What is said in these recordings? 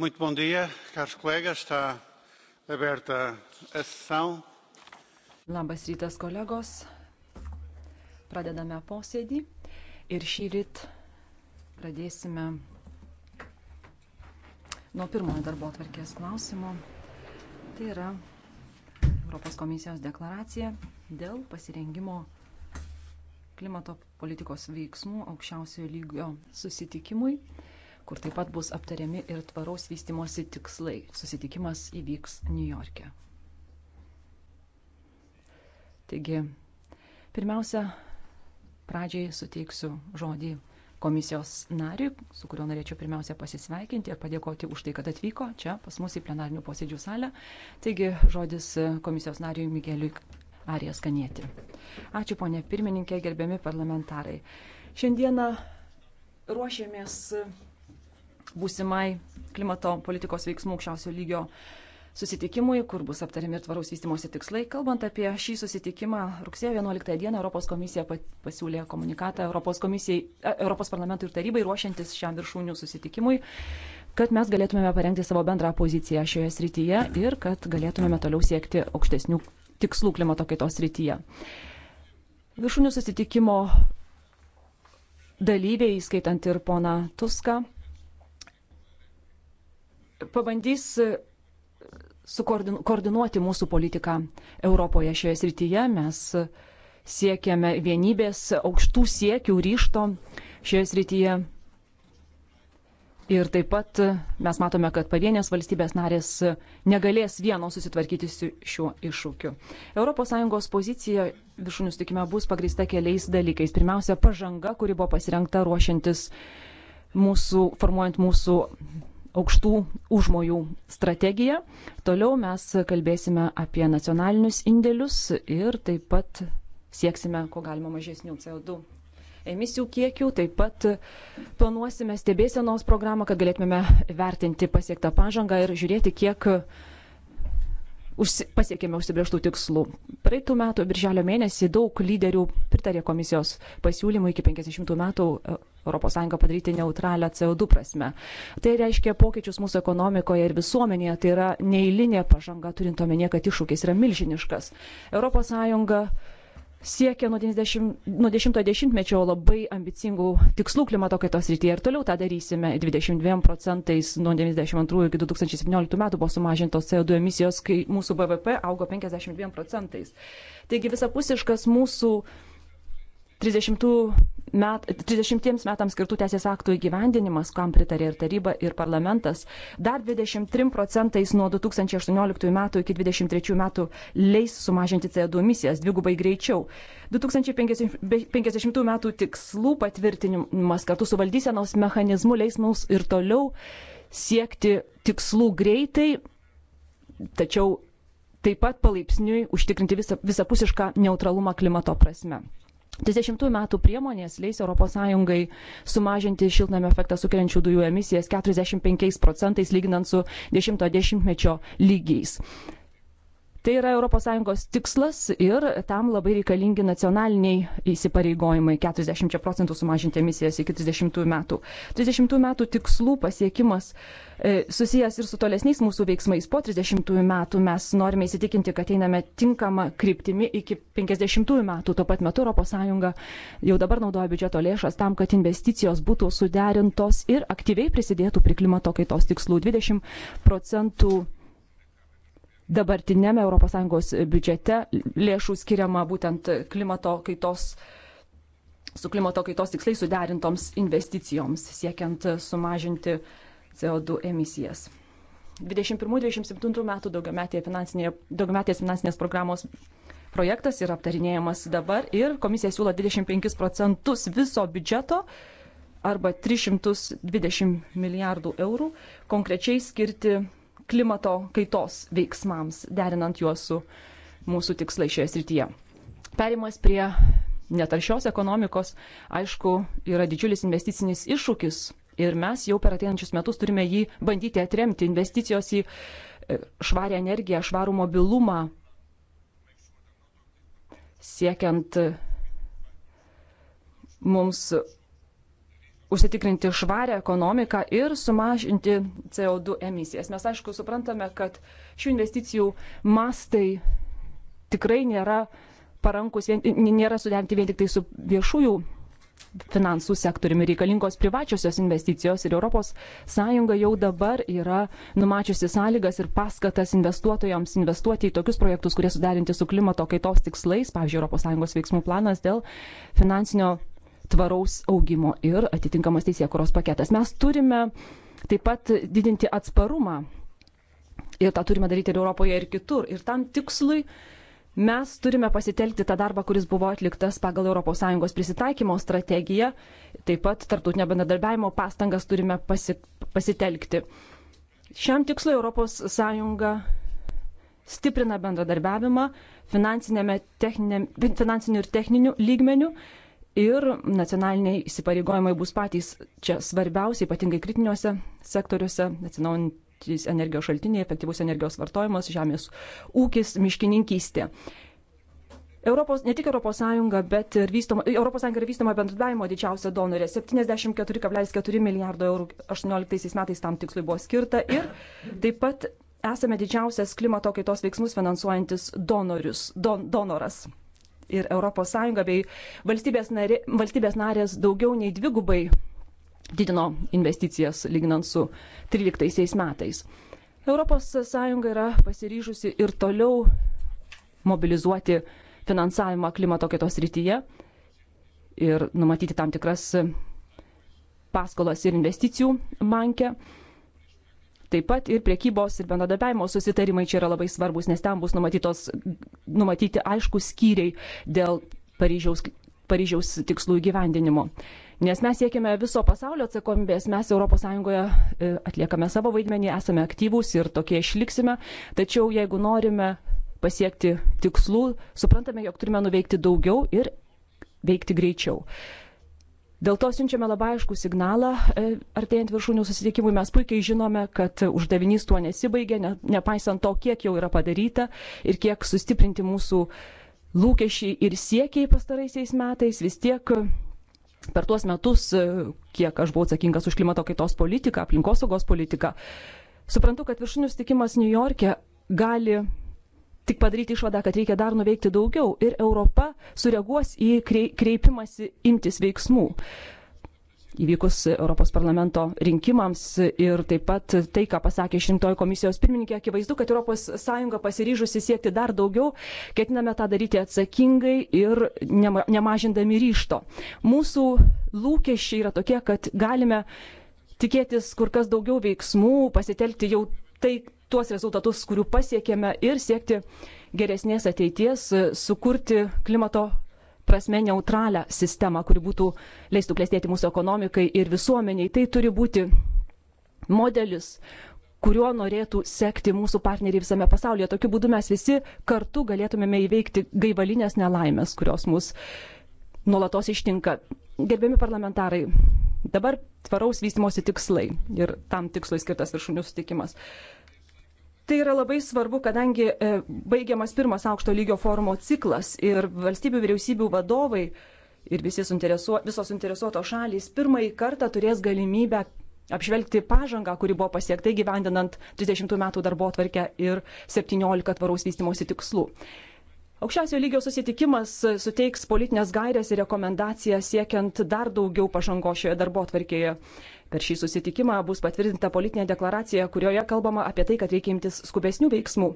Muito bom dia, caros colegas. Está aberta a sessão. Labas rytas, kolegos. Pradedame posėdį ir šį ryt pradėsime nuo pirmojo darbo atvarkės klausimo. Tai yra Europos komisijos deklaracija dėl pasirengimo klimato politikos veiksmų aukščiausiojo lygio susitikimui kur taip pat bus aptariami ir tvaraus vystimosi tikslai. Susitikimas įvyks New York'e. Taigi, pirmiausia, pradžiai suteiksiu žodį komisijos nariui, su kuriuo norėčiau pirmiausia pasisveikinti ir padėkoti už tai, kad atvyko čia pas mus į plenarinių posėdžių salę. Taigi žodis komisijos nariui Migeliui Arijas Kanieti. Ačiū ponė pirmininkė, gerbiami parlamentarai. Šiandieną ruošiamės būsimai klimato politikos veiksmų aukščiausio lygio susitikimui, kur bus aptariami ir tvaraus vystimosi tikslai. Kalbant apie šį susitikimą, rugsėjo 11 dieną Europos komisija pasiūlė komunikatą Europos, e, Europos parlamentui ir tarybai ruošiantis šiam viršūnių susitikimui, kad mes galėtumėme parengti savo bendrą poziciją šioje srityje ir kad galėtumėme toliau siekti aukštesnių tikslų klimato kaitos srityje. Viršūnių susitikimo dalyviai, skaitant ir pona Tuską, pabandys e, sukoordinuoti mūsų politiką Europoje šioje srityje. Mes siekiame vienybės, aukštų siekių, ryšto šioje srityje. Ir taip pat mes matome, kad pavienės valstybės narės negalės vieno susitvarkyti su šiuo iššūkiu. ES pozicija viršūnių sutikime bus pagrįsta keliais dalykais. Pirmiausia, pažanga, kuri buvo pasirengta ruošiantis mūsų, formuojant mūsų aukštų užmojų strategiją. Toliau mes kalbėsime apie nacionalinius indėlius ir taip pat sieksime, ko galima mažesnių CO2 emisijų kiekių, taip pat planuosime stebėsenos programą, kad galėtume vertinti pasiektą pažangą ir žiūrėti, kiek užsi, pasiekėme užsibrieštų tikslų. Praeitų metų birželio mėnesį daug lyderių pritarė komisijos pasiūlymui iki 50 metų ES padaryti neutralią CO2 prasme. Tai reiškia pokyčius mūsų ekonomikoje ir visuomenėje, tai yra neįlinė pažanga, turint omenyje, kad iššūkis yra milžiniškas. ES siekia nuo 90-mečio labai ambicingų tikslų klimato kaitos rytyje ir toliau tą darysime. 22 procentais nuo 92 iki 2017 metų buvo sumažintos CO2 emisijos, kai mūsų BVP augo 52 procentais. Taigi visapusiškas mūsų uh, 30 met, 30 metams skirtų teisės aktų įgyvendinimas, kam pritarė ir taryba, ir parlamentas, dar 23 procentais nuo 2018 metų iki 2023 metų leis sumažinti CO2 emisijas dvigubai greičiau. 2050 metų tikslų patvirtinimas kartu su valdysenos mechanizmu leis mums ir toliau siekti tikslų greitai, tačiau taip pat palaipsniui užtikrinti visą, visapusišką neutralumą klimato prasme. 30 metų priemonės leis ES sumažinti šiltnamio efektą sukeliančių dujų emisijas 45 procentais lyginant su 10-mečio lygiais. Tai yra ES tikslas ir tam labai reikalingi nacionaliniai įsipareigojimai 40 procentų sumažinti emisijas iki 30 metų. 30 metų tikslų pasiekimas e, susijęs ir su tolesniais mūsų veiksmais. Po 30 metų mes norime įsitikinti, kad einame tinkamą kryptimį iki 50 metų. Tuo pat metu ES jau dabar naudoja biudžeto lėšas tam, kad investicijos būtų suderintos ir aktyviai prisidėtų prie klimato kaitos tikslų 20 procentų dabartinėme ES biudžete lėšų skiriama būtent klimato kaitos su klimato kaitos tikslai suderintoms investicijoms, siekiant sumažinti CO2 emisijas. 21-27 metų daugiametės finansinė, finansinės programos projektas yra aptarinėjamas dabar ir komisija siūlo 25 procentus viso biudžeto arba 320 milijardų eurų konkrečiai skirti klimato kaitos veiksmams, derinant juos su mūsų tikslai šioje srityje. Perimas prie netaršios ekonomikos, aišku, yra didžiulis investicinis iššūkis ir mes jau per ateinančius metus turime jį bandyti atremti. Investicijos į e, švarę energiją, švarų mobilumą, siekiant mums užsitikrinti švarę ekonomiką ir sumažinti CO2 emisijas. Mes aišku suprantame, kad šių investicijų mastai tikrai nėra parankus, nėra suderinti vien tik tai su viešųjų finansų sektoriumi reikalingos privačiosios investicijos ir ES jau dabar yra numačiusi sąlygas ir paskatas investuotojams investuoti į tokius projektus, kurie suderinti su klimato kaitos tikslais, pavyzdžiui, ES veiksmų planas dėl finansinio tvaraus augimo ir atitinkamas teisėkuros paketas. Mes turime taip pat didinti atsparumą ir tą turime daryti ir Europoje, ir kitur. Ir tam tikslui mes turime pasitelkti tą darbą, kuris buvo atliktas pagal ES prisitaikymo strategiją, taip pat tarptautinio bendradarbiavimo pastangas turime pasi pasitelkti. Šiam tikslui ES stiprina bendradarbiavimą finansiniu ir techniniu lygmeniu ir nacionaliniai įsipareigojimai bus patys čia svarbiausia, ypatingai kritiniuose sektoriuose, atsinaujantis energijos šaltiniai, efektyvus energijos vartojimas, žemės ūkis, miškininkystė. Europos, ne tik ES, bet ir vystoma, ES yra vystoma bendradavimo didžiausia donorė. 74,4 milijardo eurų 18 metais tam tikslui buvo skirta ir taip pat esame didžiausias klimato kaitos veiksmus finansuojantis donorius, don, donoras ir ES bei valstybės, narė, valstybės narės daugiau nei dvigubai didino investicijas lyginant su 13 metais. ES yra pasiryžusi ir toliau mobilizuoti finansavimą klimato kitos rytyje ir numatyti tam tikras paskolas ir investicijų bankę. Taip pat ir priekybos ir bendradarbiavimo susitarimai čia yra labai svarbus, nes ten bus numatytos, numatyti aiškus skyriai dėl Paryžiaus, Paryžiaus tikslų įgyvendinimo. Nes mes siekime viso pasaulio atsakomybės, mes ES e, atliekame savo vaidmenį, esame aktyvūs ir tokie išliksime, tačiau jeigu norime pasiekti tikslų, suprantame, jog turime nuveikti daugiau ir veikti greičiau. Dėl to siunčiame labai aišku signalą, e, artėjant viršūnių susitikimui mes puikiai žinome, kad uždavinys tuo nesibaigia, ne, nepaisant to, kiek jau yra padaryta ir kiek sustiprinti mūsų lūkesčiai ir siekiai pastaraisiais metais, vis tiek e, per tuos metus, e, kiek aš buvau atsakingas už klimato kaitos politiką, aplinkosaugos politiką, suprantu, kad viršūnių sutikimas Niujorke gali tik padaryti išvadą, kad reikia dar nuveikti daugiau ir Europa sureaguos į kreipimąsi imtis veiksmų. Įvykus Europos parlamento rinkimams ir taip pat tai, ką pasakė šimtoji komisijos pirmininkė, akivaizdu, kad ES pasiryžusi siekti dar daugiau, ketiname tą daryti atsakingai ir nemažindami ryšto. Mūsų lūkesčiai yra tokie, kad galime tikėtis kur kas daugiau veiksmų, pasitelkti jau tai, tuos rezultatus, kurių pasiekėme ir siekti geresnės ateities, sukurti klimato prasme neutralią sistemą, kuri būtų leistų klėstėti mūsų ekonomikai ir visuomeniai. Tai turi būti modelis, kuriuo norėtų sekti mūsų partneriai visame pasaulyje. Tokiu būdu mes visi kartu galėtumėme įveikti gaivalinės nelaimės, kurios mus nuolatos ištinka. Gerbiami parlamentarai, dabar tvaraus vystimosi tikslai ir tam tikslai skirtas viršūnių sutikimas. Tai yra labai svarbu, kadangi e, baigiamas pirmas aukšto lygio forumo ciklas ir valstybių vyriausybių vadovai ir suinteresuo, visos suinteresuotos šalys pirmąjį kartą turės galimybę apžvelgti pažangą, kuri buvo pasiekta gyvendinant 30 metų darbo atvarkę ir 17 tvaraus vystimosi tikslų. Aukščiausio lygio susitikimas suteiks politinės gairias ir rekomendacijas siekiant dar daugiau pažangos šioje darbo atvarkėje. Per šį susitikimą bus patvirtinta politinė deklaracija, kurioje kalbama apie tai, kad reikia imtis skubesnių veiksmų.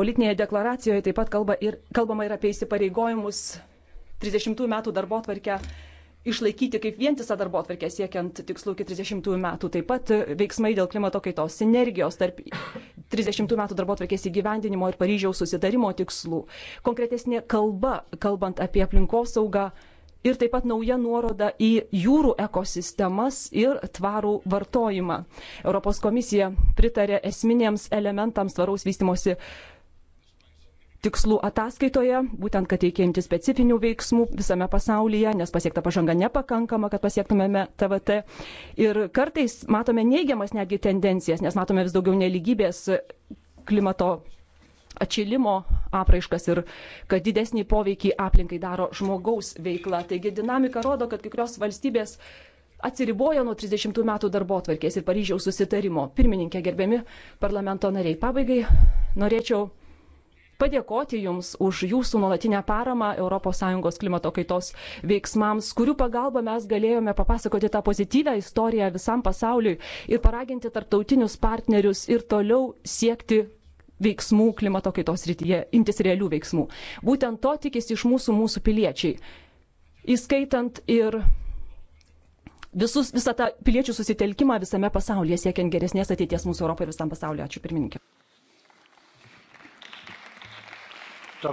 Politinėje deklaracijoje taip pat kalba ir, kalbama ir apie įsipareigojimus 30 metų darbo tvarkę išlaikyti kaip vientisą darbo atvarkę siekiant tikslų iki 30 metų. Taip pat veiksmai dėl klimato kaitos, sinergijos tarp 30 metų darbo atvarkės įgyvendinimo ir Paryžiaus susidarimo tikslų. Konkretesnė kalba, kalbant apie aplinkosaugą, ir taip pat nauja nuoroda į jūrų ekosistemas ir tvarų vartojimą. Europos komisija pritarė esminėms elementams tvaraus vystimosi tikslų ataskaitoje, būtent, kad reikia imti specifinių veiksmų visame pasaulyje, nes pasiekta pažanga nepakankama, kad pasiektumėme TVT. Ir kartais matome neigiamas netgi tendencijas, nes matome vis daugiau neligybės klimato atšilimo apraiškas ir kad didesnį poveikį aplinkai daro žmogaus veikla. Taigi dinamika rodo, kad kai kurios valstybės atsiribojo nuo 30 metų darbo atvarkės ir Paryžiaus susitarimo. Pirmininkė, gerbiami parlamento nariai, pabaigai norėčiau padėkoti Jums už Jūsų nuolatinę paramą ES klimato kaitos veiksmams, kurių pagalba mes galėjome papasakoti tą pozityvę istoriją visam pasauliui ir paraginti tarptautinius partnerius ir toliau siekti veiksmų klimato kaitos rytyje, imtis realių veiksmų. Būtent to tikisi iš mūsų mūsų piliečiai, įskaitant ir visus, visą tą piliečių susitelkimą visame pasaulyje, siekiant geresnės ateities mūsų Europoje ir visam pasauliu. Ačiū pirmininkė. Eh,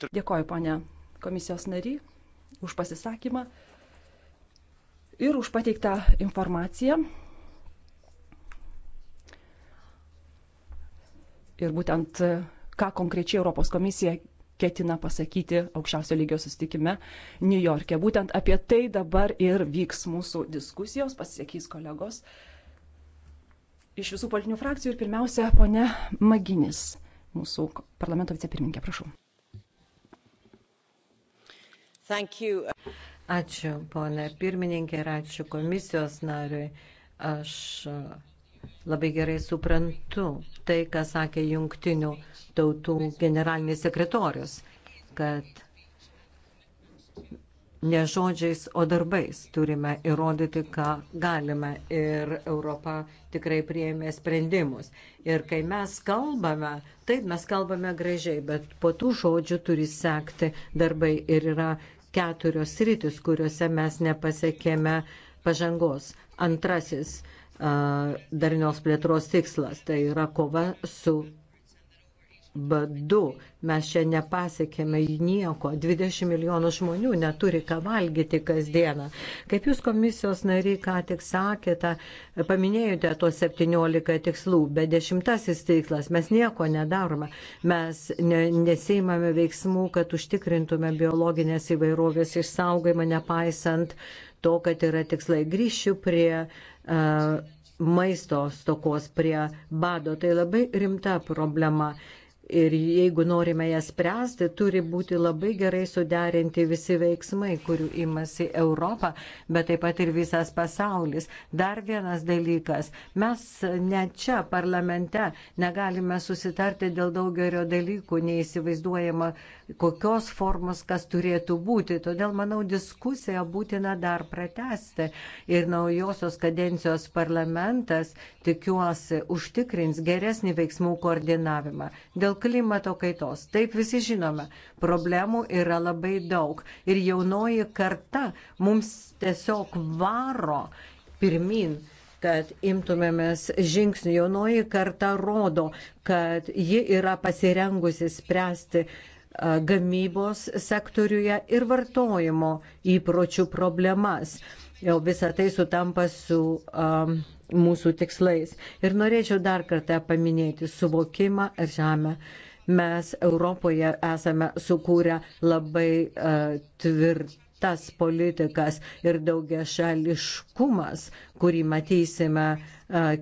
Dėkoju, ponė komisijos nary, už pasisakymą ir už pateiktą informaciją. ir būtent e, ką konkrečiai Europos komisija ketina pasakyti aukščiausio lygio sustikime New York'e. Būtent apie tai dabar ir vyks mūsų diskusijos, pasisakys kolegos iš visų politinių frakcijų ir pirmiausia, ponia Maginis, mūsų parlamento vicepirmininkė, prašau. Ačiū, ponė pirmininkė, ir ačiū komisijos nariui. Aš Labai gerai suprantu tai, ką sakė jungtinių tautų generalinis sekretorius, kad ne žodžiais, o darbais turime įrodyti, ką galime. Ir Europa tikrai prieėmė sprendimus. Ir kai mes kalbame, taip mes kalbame gražiai, bet po tų žodžių turi sekti darbai. Ir yra keturios rytis, kuriuose mes nepasiekėme pažangos. Antrasis darnios plėtros tikslas, tai yra kova su badu. Mes čia nepasiekėme nieko. 20 milijonų žmonių neturi ką valgyti kasdieną. Kaip jūs komisijos nariai ką tik sakėte, paminėjote tuos 17 tikslų, bet dešimtasis tikslas, mes nieko nedarome. Mes ne, neseimame veiksmų, kad užtikrintume biologinės įvairovės išsaugojimą, nepaisant uh, to, kad yra tikslai. Grįšiu prie uh, maisto stokos, prie bado. Tai labai rimta problema. Ir jeigu norime ją spręsti, turi būti labai gerai suderinti visi veiksmai, kurių imasi Europą, bet taip pat ir visas pasaulis. Dar vienas dalykas. Mes ne čia parlamente negalime susitarti dėl daugelio dalykų, neįsivaizduojama, kokios formos kas turėtų būti. Todėl, manau, diskusiją būtina dar pratesti ir naujosios kadencijos parlamentas, tikiuosi, užtikrins geresnį veiksmų koordinavimą. Dėl klimato kaitos, taip visi žinome, problemų yra labai daug ir jaunoji karta mums tiesiog varo pirmin kad imtumėmės žingsnių. Jaunoji karta rodo, kad ji yra pasirengusi spręsti gamybos sektoriuje ir vartojimo įpročių problemas. Jau visą tai sutampa su um, mūsų tikslais. Ir norėčiau dar kartą paminėti suvokimą ir žemę. Mes Europoje esame sukūrę labai uh, tvirtą tas politikas ir daugia šališkumas, kurį matysime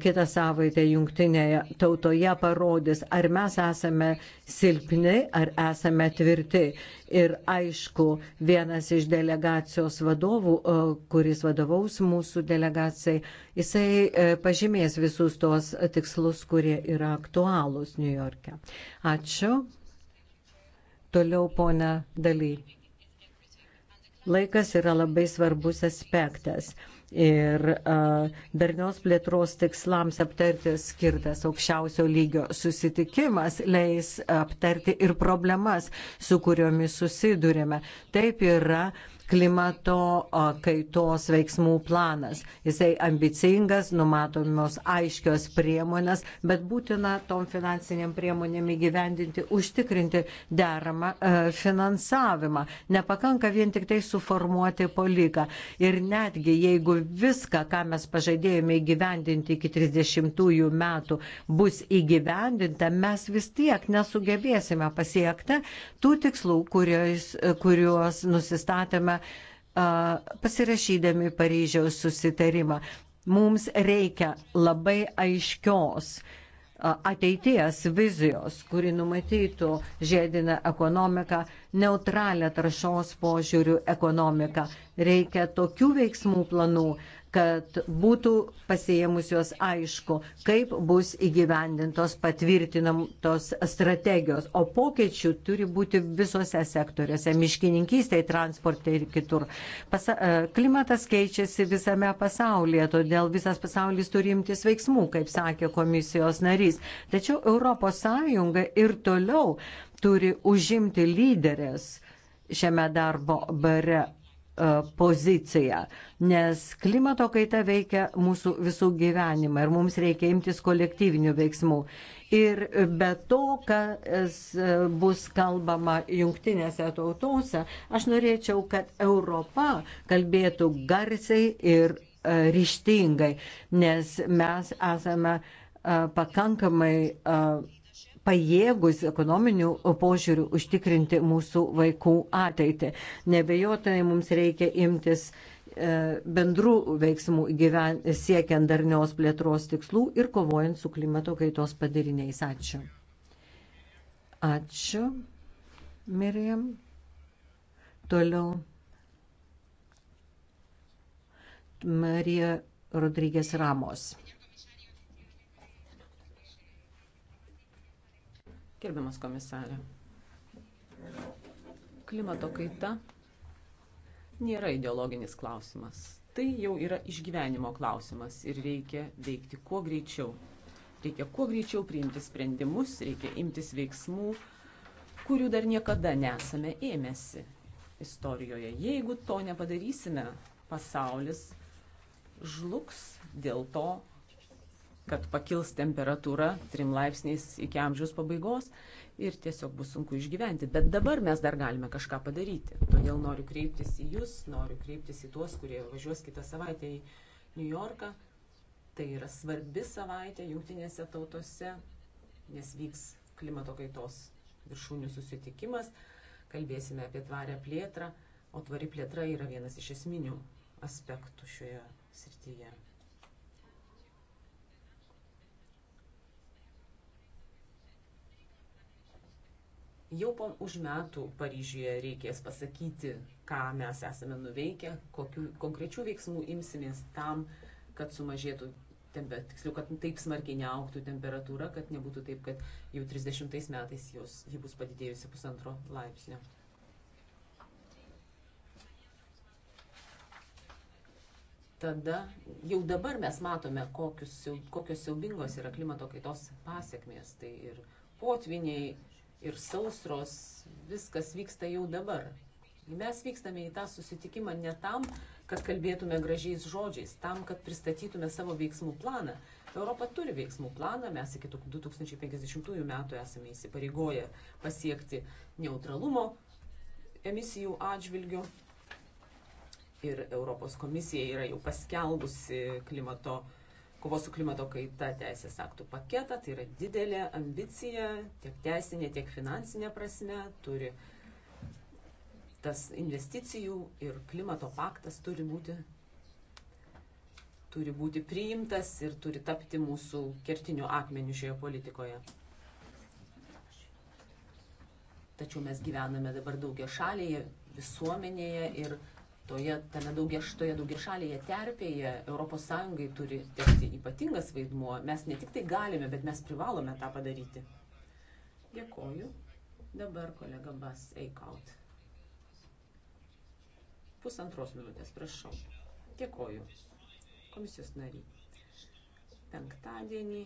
kitą savaitę jungtinėje tautoje parodys, ar mes esame silpni, ar esame tvirti. Ir aišku, vienas iš delegacijos vadovų, kuris vadovaus mūsų delegacijai, jisai e, pažymės visus tos tikslus, kurie yra aktualūs Niujorke. Ačiū. Toliau, ponia Daly. Laikas yra labai svarbus aspektas ir uh, darnios plėtros tikslams aptarti skirtas aukščiausio lygio susitikimas leis aptarti ir problemas, su kuriomis susidurėme. Taip yra uh, klimato kaitos veiksmų planas. Jisai ambicingas, numatomos aiškios priemonės, bet būtina tom finansiniam priemonėm įgyvendinti, užtikrinti deramą finansavimą. Nepakanka vien tik tai suformuoti poliką. Ir netgi jeigu viską, ką mes pažadėjome įgyvendinti iki 30 metų, bus įgyvendinta, mes vis tiek nesugebėsime pasiekti tų tikslų, kurios, kuriuos nusistatėme pasirašydami Paryžiaus susitarimą. Mums reikia labai aiškios ateities vizijos, kuri numatytų žiedinę ekonomiką, neutralią taršos požiūrių ekonomiką. Reikia tokių veiksmų planų, kad būtų pasiemusios aišku, kaip bus įgyvendintos patvirtinamos strategijos. O pokėčių turi būti visose sektoriuose - miškininkystėje, transporte ir kitur. Pasa e, klimatas keičiasi visame pasaulyje, todėl visas pasaulis turi imtis veiksmų, kaip sakė komisijos narys. Tačiau ES ir toliau turi užimti lyderės šiame darbo bare E, poziciją, nes klimato kaita veikia mūsų visų gyvenimą ir mums reikia imtis kolektyvinių veiksmų. Ir be to, kas e, bus kalbama jungtinėse tautose, aš norėčiau, kad Europa kalbėtų garsiai ir e, ryštingai, nes mes esame pakankamai pajėgus ekonominių požiūrių užtikrinti mūsų vaikų ateitį. Nebejotinai mums reikia imtis e, bendrų veiksmų gyven, siekiant darnios plėtros tikslų ir kovojant su klimato kaitos padariniais. Ačiū. Ačiū, Miriam. Toliau. Marija Rodrygės Ramos. Gerbiamas komisarė, klimato kaita nėra ideologinis klausimas. Tai jau yra išgyvenimo klausimas ir reikia veikti kuo greičiau. Reikia kuo greičiau priimti sprendimus, reikia imtis veiksmų, kurių dar niekada nesame ėmėsi istorijoje. Jeigu to nepadarysime, pasaulis žlugs dėl to, kad pakils temperatūra trim laipsniais iki amžiaus pabaigos ir tiesiog bus sunku išgyventi. Bet dabar mes dar galime kažką padaryti. Todėl noriu kreiptis į Jūs, noriu kreiptis į tuos, kurie važiuos kitą savaitę į New Yorką. Tai yra svarbi savaitė jungtinėse tautose, nes vyks klimato kaitos viršūnių susitikimas, kalbėsime apie tvarę plėtrą, o tvari plėtra yra vienas iš esminių aspektų šioje srityje. Jau po už metų Paryžiuje reikės pasakyti, ką mes esame nuveikę, kokiu konkrečių veiksmų imsimės tam, kad sumažėtų, temper, tiksliau, kad taip smarkiai neauktų temperatūra, kad nebūtų taip, kad jau 30 metais jos, ji bus padidėjusi pusantro laipsnio. Tada jau dabar mes matome, kokius, kokios siaubingos yra klimato kaitos pasiekmės. Tai ir potviniai, ir sausros, viskas vyksta jau dabar. Mes vykstame į tą susitikimą ne tam, kad kalbėtume gražiais žodžiais, tam, kad pristatytume savo veiksmų planą. Europa turi veiksmų planą, mes iki 2050 metų esame įsipareigoję pasiekti neutralumo emisijų atžvilgių. Ir Europos komisija yra jau paskelbusi klimato uh, kovos su klimato kaita teisės aktų paketą. Tai yra didelė ambicija tiek teisinė, tiek finansinė prasme. Turi tas investicijų ir klimato paktas turi būti, turi būti priimtas ir turi tapti mūsų kertiniu akmeniu šioje politikoje. Tačiau mes gyvename dabar daugia šalėje visuomenėje ir toje, tame daugia, toje daugiašalėje terpėje ES turi tekti ypatingas vaidmuo. Mes ne tik tai galime, bet mes privalome tą padaryti. Dėkoju. Dabar kolega Bas Eikaut. Pusantros minutės, prašau. Dėkoju. Komisijos nariai. Penktadienį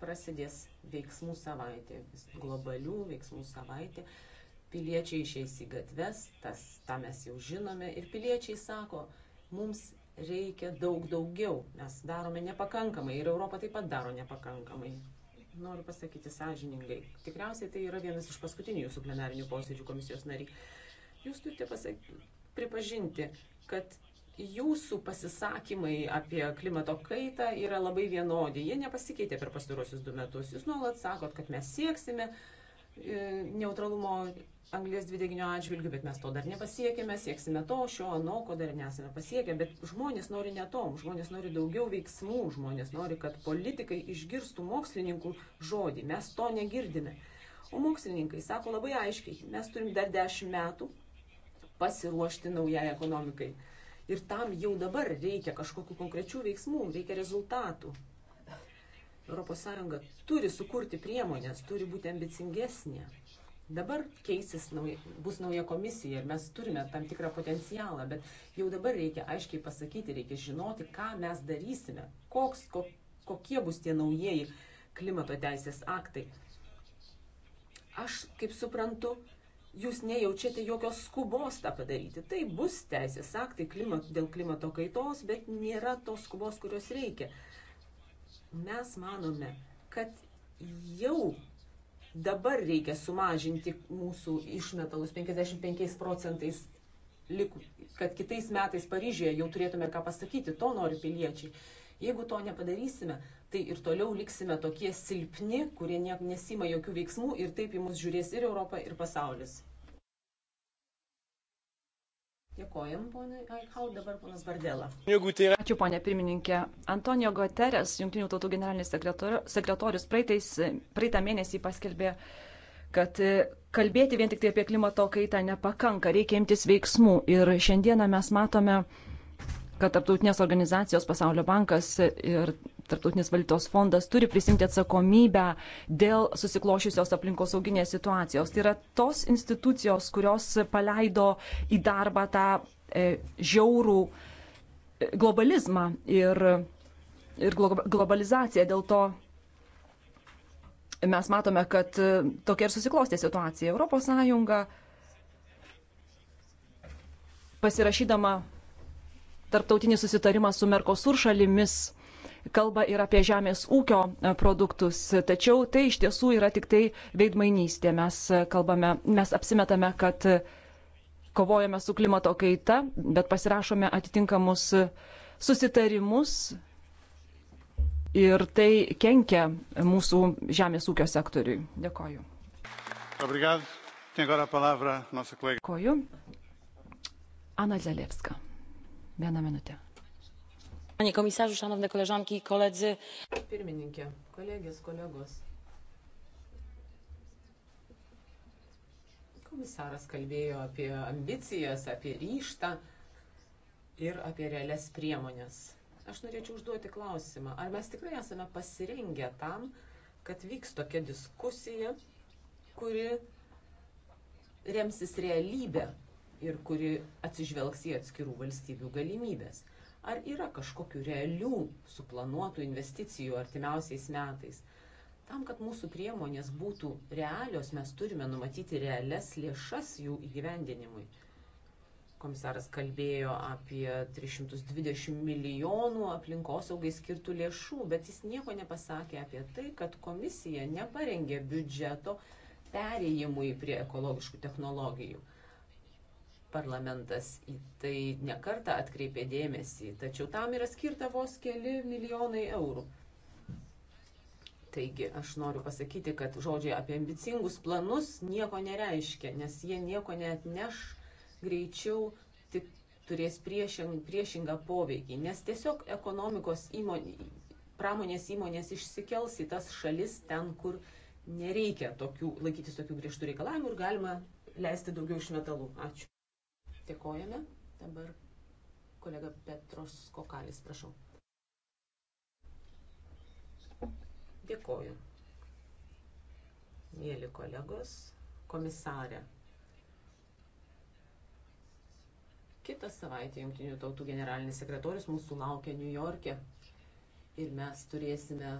prasidės veiksmų savaitė, globalių veiksmų savaitė. Uh, piliečiai išeis į gatves, tas, tą mes jau žinome, ir piliečiai sako, mums reikia daug daugiau, mes darome nepakankamai ir Europa taip pat daro nepakankamai. Noriu pasakyti sąžiningai, tikriausiai tai yra vienas iš paskutinių jūsų plenarinių posėdžių komisijos nariai. Jūs turite pasak... pripažinti, kad jūsų pasisakymai apie klimato kaitą yra labai vienodi. Jie nepasikeitė per pastarosius du metus. Jūs nuolat sakot, kad mes sieksime, uh, E, neutralumo anglės dvideginio atžvilgių, bet mes to dar nepasiekėme, sieksime to, šio, ano, ko dar nesame pasiekę, bet žmonės nori ne to, žmonės nori daugiau veiksmų, žmonės nori, kad politikai išgirstų mokslininkų žodį, mes to negirdime. O mokslininkai sako labai aiškiai, mes turim dar dešimt metų pasiruošti naujai ekonomikai. Ir tam jau dabar reikia kažkokių konkrečių veiksmų, reikia rezultatų. ES turi sukurti priemonės, turi būti ambicingesnė. Dabar keisis, nauja, bus nauja komisija ir mes turime tam tikrą potencialą, bet jau dabar reikia aiškiai pasakyti, reikia žinoti, ką mes darysime, koks, ko, kokie bus tie naujieji klimato teisės aktai. Aš, kaip suprantu, jūs nejaučiate jokios skubos tą padaryti. Tai bus teisės aktai klimat, dėl klimato kaitos, bet nėra tos skubos, kurios reikia. Uh, Mes manome, kad jau dabar reikia sumažinti mūsų išmetalus 55 procentais, kad kitais metais Paryžyje jau turėtume ką pasakyti, to nori piliečiai. Jeigu to nepadarysime, tai ir toliau liksime tokie silpni, kurie nesima jokių veiksmų ir taip į mus žiūrės ir Europa, ir pasaulis. Dėkojom, ponai Aikau, dabar ponas Bardėla. Ačiū, ponė pirmininkė. Antonijo Guterres, Junktinių tautų generalinis sekretorius, praeitais, praeitą mėnesį paskelbė, kad e, kalbėti vien tik tai apie klimato kaitą nepakanka, reikia imtis veiksmų. Ir šiandieną mes matome, kad tarptautinės organizacijos, Pasaulio bankas ir Tarptautinis valytos fondas turi prisimti atsakomybę dėl susiklošiusios aplinkosauginės situacijos. Tai yra tos institucijos, kurios paleido į darbą tą e, žiaurų e, globalizmą ir, ir globalizaciją. Dėl to mes matome, kad e, tokia ir susiklostė situacija. Europos Sąjunga pasirašydama tarptautinį susitarimą su Merkosur šalimis kalba ir apie žemės ūkio e, produktus. Tačiau tai iš tiesų yra tik tai veidmainystė. Mes, e, kalbame, mes apsimetame, kad e, kovojame su klimato kaita, bet pasirašome atitinkamus susitarimus ir tai kenkia mūsų žemės ūkio sektoriui. Dėkoju. Obrigado. Tem agora a palavra a nossa colega. Coio. Ana Zalewska. Vieną minutę. Panie komisarzu, szanowne koleżanki i koledzy. Pirmininkė, kolegės, kolegos. Komisaras kalbėjo apie ambicijas, apie ryštą ir apie realias priemonės. Aš norėčiau užduoti klausimą, ar mes tikrai esame pasirengę tam, kad vyks tokia diskusija, kuri remsis realybė, ir kuri atsižvelgs į atskirų valstybių galimybės. Ar yra kažkokių realių suplanuotų investicijų artimiausiais metais? Tam, kad mūsų priemonės būtų realios, mes turime numatyti realias lėšas jų įgyvendinimui. Komisaras kalbėjo apie 320 milijonų aplinkosaugai skirtų lėšų, bet jis nieko nepasakė apie tai, kad komisija neparengė biudžeto perėjimui prie ekologiškų technologijų. Parlamentas į tai nekartą atkreipė dėmesį, tačiau tam yra skirta vos keli milijonai eurų. Taigi aš noriu pasakyti, kad žodžiai apie ambicingus planus nieko nereiškia, nes jie nieko net neš greičiau, tik turės priešing, priešingą poveikį, nes tiesiog ekonomikos įmonė, pramonės įmonės išsikels į tas šalis ten, kur nereikia tokių, laikytis tokių griežtų reikalavimų ir galima leisti daugiau iš metalų. Ačiū. Dėkojame. Dabar kolega Petros Kokalis, prašau. Dėkoju. Mėly kolegos, komisarė. Kitą savaitę Junktinių tautų generalinis sekretorius mūsų laukia New York'e ir mes turėsime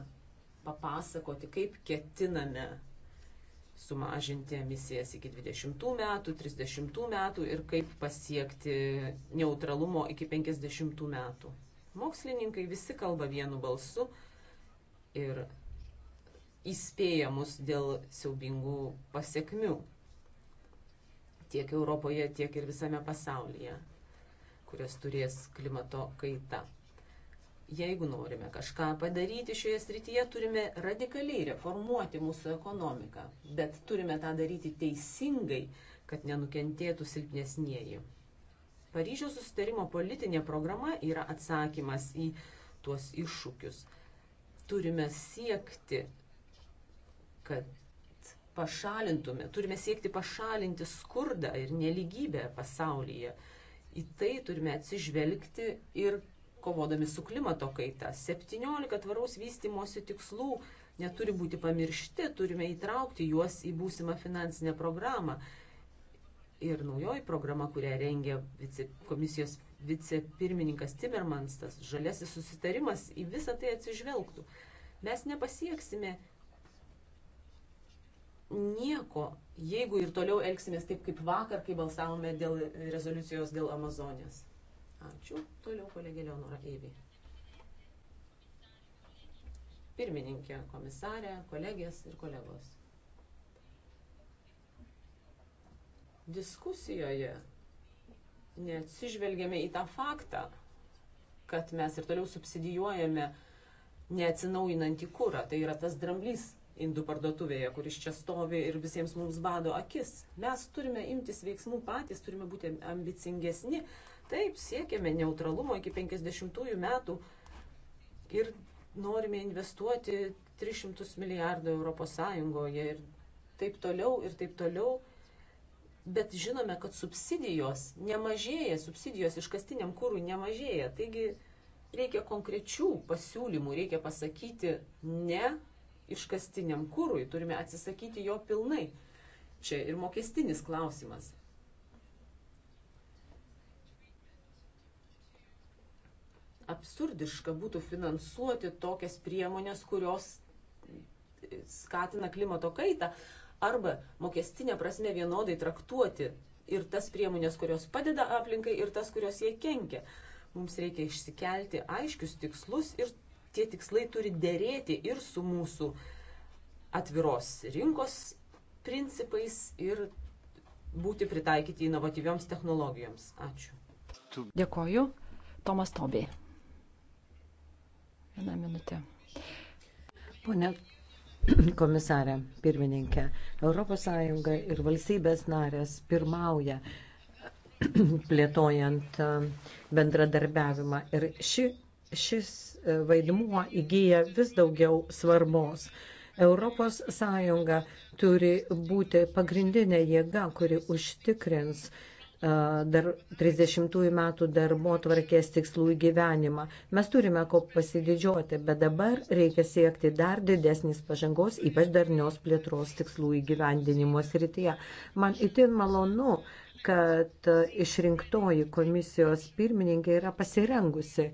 papasakoti, kaip ketiname sumažinti emisijas iki 20 metų, 30 metų ir kaip pasiekti neutralumo iki 50 metų. Mokslininkai visi kalba vienu balsu ir įspėja mus dėl siaubingų pasiekmių tiek Europoje, tiek ir visame pasaulyje, kurias turės klimato kaita. Jeigu norime kažką padaryti šioje srityje, turime radikaliai reformuoti mūsų ekonomiką, bet turime tą daryti teisingai, kad nenukentėtų silpnesnėji. Paryžiaus susitarimo politinė programa yra atsakymas į tuos iššūkius. Turime siekti, kad pašalintume, turime siekti pašalinti skurdą ir neligybę pasaulyje. Į tai turime atsižvelgti ir kovodami su klimato kaita. 17 tvaraus vystimosi tikslų neturi būti pamiršti, turime įtraukti juos į būsimą finansinę programą. Ir naujoji programa, kurią rengia vice, komisijos vicepirmininkas Timmermans, tas žalesis susitarimas, į visą tai atsižvelgtų. Mes nepasieksime nieko, jeigu ir toliau elgsimės taip kaip vakar, kai balsavome dėl rezoliucijos dėl Amazonės. Ačiū. Toliau kolegė Leonora Eivė. Pirmininkė, komisarė, kolegės ir kolegos. Diskusijoje neatsižvelgėme į tą faktą, kad mes ir toliau subsidijuojame neatsinaujinantį kūrą. Tai yra tas dramblys indų parduotuvėje, kuris čia stovi ir visiems mums bado akis. Mes turime imtis veiksmų patys, turime būti ambicingesni, Taip, siekiame neutralumo iki 50 metų ir norime investuoti 300 milijardų Europos Sąjungoje ir taip toliau ir taip toliau. Bet žinome, kad subsidijos nemažėja, subsidijos iškastiniam kūrui nemažėja. Taigi reikia konkrečių pasiūlymų, reikia pasakyti ne iškastiniam kūrui, turime atsisakyti jo pilnai. Čia ir mokestinis klausimas. absurdiška būtų finansuoti tokias priemonės, kurios skatina klimato kaitą, arba mokestinė prasme vienodai traktuoti ir tas priemonės, kurios padeda aplinkai, ir tas, kurios jie kenkia. Mums reikia išsikelti aiškius tikslus ir tie tikslai turi dėrėti ir su mūsų atviros rinkos principais ir būti pritaikyti inovatyvioms technologijoms. Ačiū. Dėkoju. Tomas Tobė. Vieną minutę. Pone komisarė, pirmininkė, ES ir valstybės narės pirmauja plėtojant bendradarbiavimą. Ir ši, šis vaidmuo įgyja vis daugiau svarbos. ES turi būti pagrindinė jėga, kuri užtikrins uh, dar 30 metų darbo tvarkės tikslų įgyvenimą. Mes turime ko pasididžiuoti, bet dabar reikia siekti dar didesnis pažangos, ypač darnios plėtros tikslų įgyvendinimo srityje. Man itin malonu, kad išrinktoji komisijos pirmininkė yra pasirengusi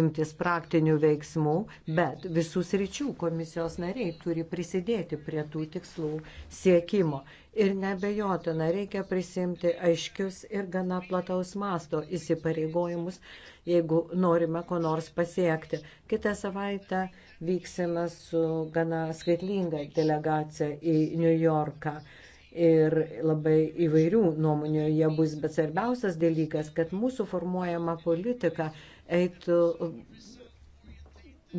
imtis praktinių veiksmų, bet visus ryčių komisijos nariai turi prisidėti prie tų tikslų siekimo. Ir nebejotina, reikia prisimti aiškius ir gana plataus masto įsipareigojimus, jeigu norime ko nors pasiekti. Kitą savaitę vyksime su gana skaitlinga delegacija į New Yorką. Ir labai įvairių nuomonių jie bus, bet svarbiausias dalykas, kad mūsų formuojama politika eitų,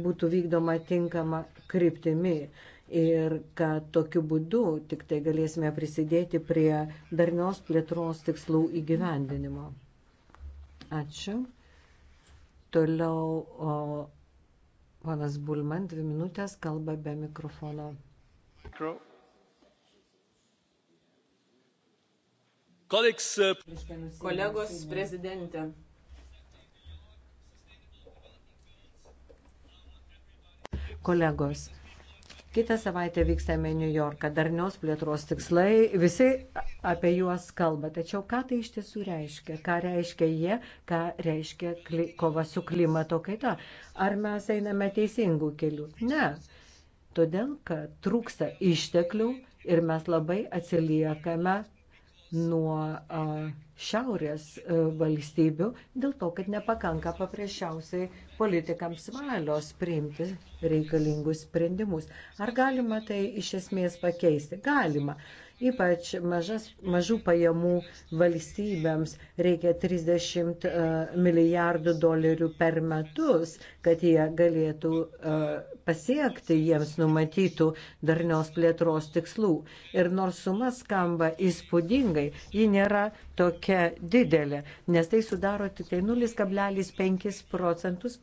būtų vykdoma tinkama kryptimi ir kad tokiu būdu tik tai galėsime prisidėti prie darnios plėtros tikslų įgyvendinimo. Ačiū. Toliau o, panas Bulman dvi minutės kalba be mikrofono. Mikro. Uh, Kolegos prezidentė. Kolegos, Kita savaitė vykstame New Yorką, darnios plėtros tikslai, visi apie juos kalba. Tačiau ką tai iš tiesų reiškia? Ką reiškia jie? Ką reiškia kli, kova su klimato kaita? Ar mes einame teisingų kelių? Ne. Todėl, kad trūksta išteklių ir mes labai atsiliekame nuo šiaurės valstybių dėl to, kad nepakanka paprasčiausiai politikams valios priimti reikalingus sprendimus. Ar galima tai iš esmės pakeisti? Galima. Ypač mažas, mažų pajamų valstybėms reikia 30 uh, e, milijardų dolerių per metus, kad jie galėtų uh, pasiekti jiems numatytų darnios plėtros tikslų. Ir nors suma skamba įspūdingai, ji nėra tokia didelė, nes tai sudaro tik tai 0,5 procentus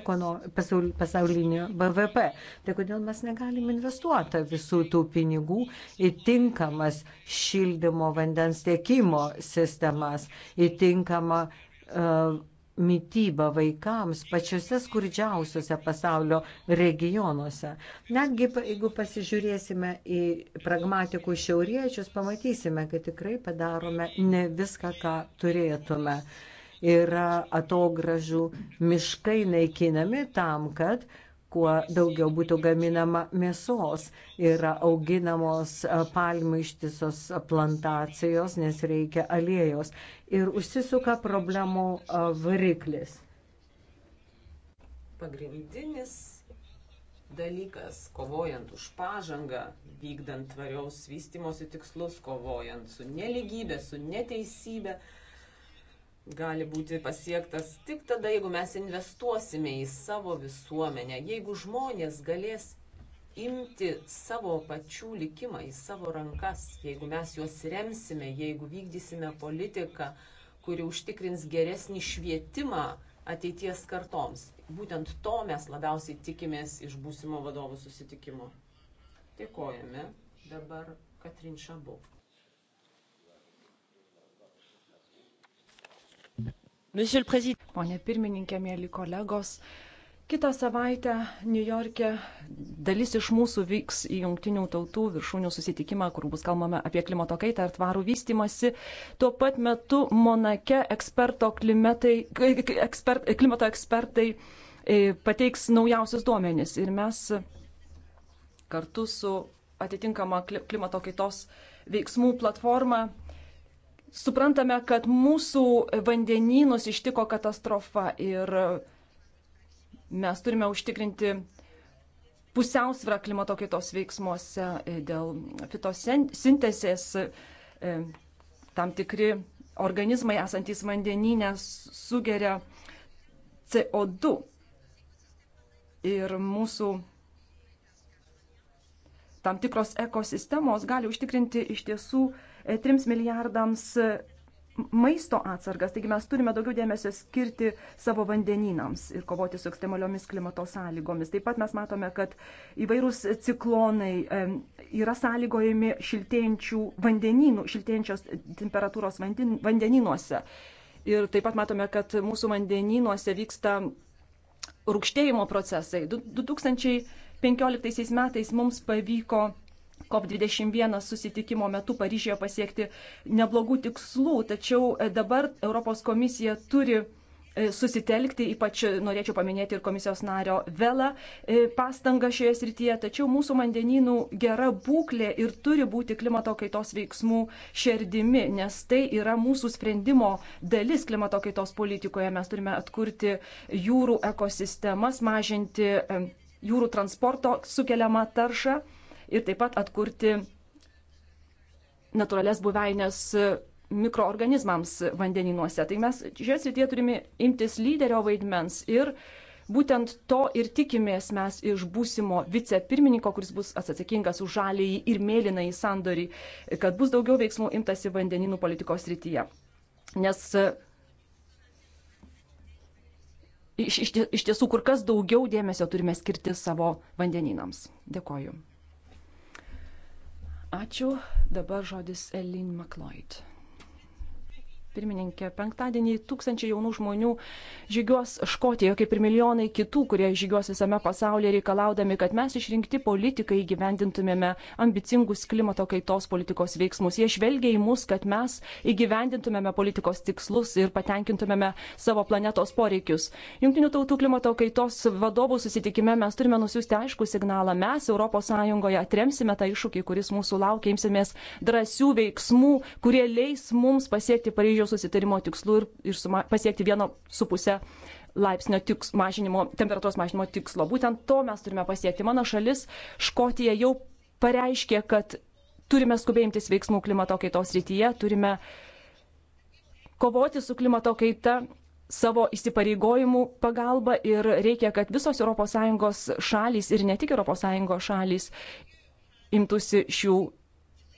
ekono, pasaul, pasaulinio BVP. Tai kodėl mes negalim investuoti visų tų pinigų į tinkamas šildymo vandens tiekimo sistemas, į tinkamą uh, mytybą vaikams pačiose skurdžiausiose pasaulio regionuose. Netgi jeigu pasižiūrėsime į pragmatikų šiauriečius, pamatysime, kad tikrai padarome ne viską, ką turėtume. Yra atogražų miškai naikinami tam, kad kuo daugiau būtų gaminama mėsos. Yra auginamos palmių ištisos plantacijos, nes reikia aliejos. Ir užsisuka problemų variklis. Pagrindinis dalykas, kovojant už pažangą, vykdant tvariaus vystimosi tikslus, kovojant su neligybė, su neteisybė, gali būti pasiektas tik tada, jeigu mes investuosime į savo visuomenę, jeigu žmonės galės imti savo pačių likimą į savo rankas, jeigu mes juos remsime, jeigu vykdysime politiką, kuri užtikrins geresnį švietimą ateities kartoms. Būtent to mes labiausiai tikimės iš būsimo vadovų susitikimo. Dėkojame dabar Katrin Šabu. Pone pirmininkė, mėly kolegos, kitą savaitę New York'e dalis iš mūsų vyks į jungtinių tautų viršūnių susitikimą, kur bus kalbama apie klimato kaitą ir tvarų vystimasi. Tuo pat metu Monake eksperto klimatai, ekspert, klimato ekspertai e, pateiks naujausius duomenis ir mes kartu su atitinkama klimato kaitos veiksmų platforma suprantame, kad mūsų vandenynus ištiko katastrofa ir mes turime užtikrinti pusiausvyrą klimato kaitos veiksmuose e, dėl fitosintesės. E, tam tikri organizmai esantys vandenynė sugeria CO2 ir mūsų tam tikros ekosistemos gali užtikrinti iš tiesų uh, 3 milijardams maisto atsargas, taigi mes turime daugiau dėmesio skirti savo vandenynams ir kovoti su ekstremaliomis klimato sąlygomis. Taip pat mes matome, kad įvairūs ciklonai yra sąlygojami šiltėjančių vandenynų, šiltėjančios temperatūros vandenynuose. Ir taip pat matome, kad mūsų vandenynuose vyksta rūkštėjimo procesai. 2015 metais mums pavyko COP21 susitikimo metu Paryžėje pasiekti neblogų tikslų, tačiau e, dabar Europos komisija turi e, susitelkti, ypač e, norėčiau paminėti ir komisijos nario Vela pastangą šioje srityje, tačiau mūsų vandenynų gera būklė ir turi būti klimato kaitos veiksmų šerdimi, nes tai yra mūsų sprendimo dalis klimato kaitos politikoje. Mes turime atkurti jūrų ekosistemas, mažinti jūrų transporto sukeliamą taršą ir taip pat atkurti natūralias buveinės mikroorganizmams vandeninuose. Tai mes šioje srityje turime imtis lyderio vaidmens ir būtent to ir tikimės mes iš būsimo vicepirmininko, kuris bus atsakingas už žalėjį ir mėlynąjį sandorį, kad bus daugiau veiksmų imtasi vandeninų politikos srityje. Nes iš, iš, iš tiesų kur kas daugiau dėmesio turime skirti savo vandeninams. Dėkoju. Ačiū. Dabar žodis Elin McLeod pirmininkė, penktadienį tūkstančiai jaunų žmonių žygios Škotijoje, kaip ir milijonai kitų, kurie žygios visame pasaulyje reikalaudami, kad mes išrinkti politikai įgyvendintumėme ambicingus klimato kaitos politikos veiksmus. Jie žvelgia į mus, kad mes įgyvendintumėme politikos tikslus ir patenkintumėme savo planetos poreikius. Junktinių tautų klimato kaitos vadovų susitikime mes turime nusiųsti aišku signalą. Mes ES atremsime tą iššūkį, kuris mūsų laukia, imsimės drąsių veiksmų, kurie leis mums pasiekti Paryžiaus paryžiaus susitarimo tikslų ir, ir suma, pasiekti vieno su pusė laipsnio tiks, mažinimo, temperatūros mažinimo tikslo. Būtent to mes turime pasiekti. Mano šalis, Škotija, jau pareiškė, kad turime skubėjimtis veiksmų klimato kaitos rytyje, turime kovoti su klimato kaita savo įsipareigojimų pagalba ir reikia, kad visos ES šalys ir ne tik ES šalys imtųsi šių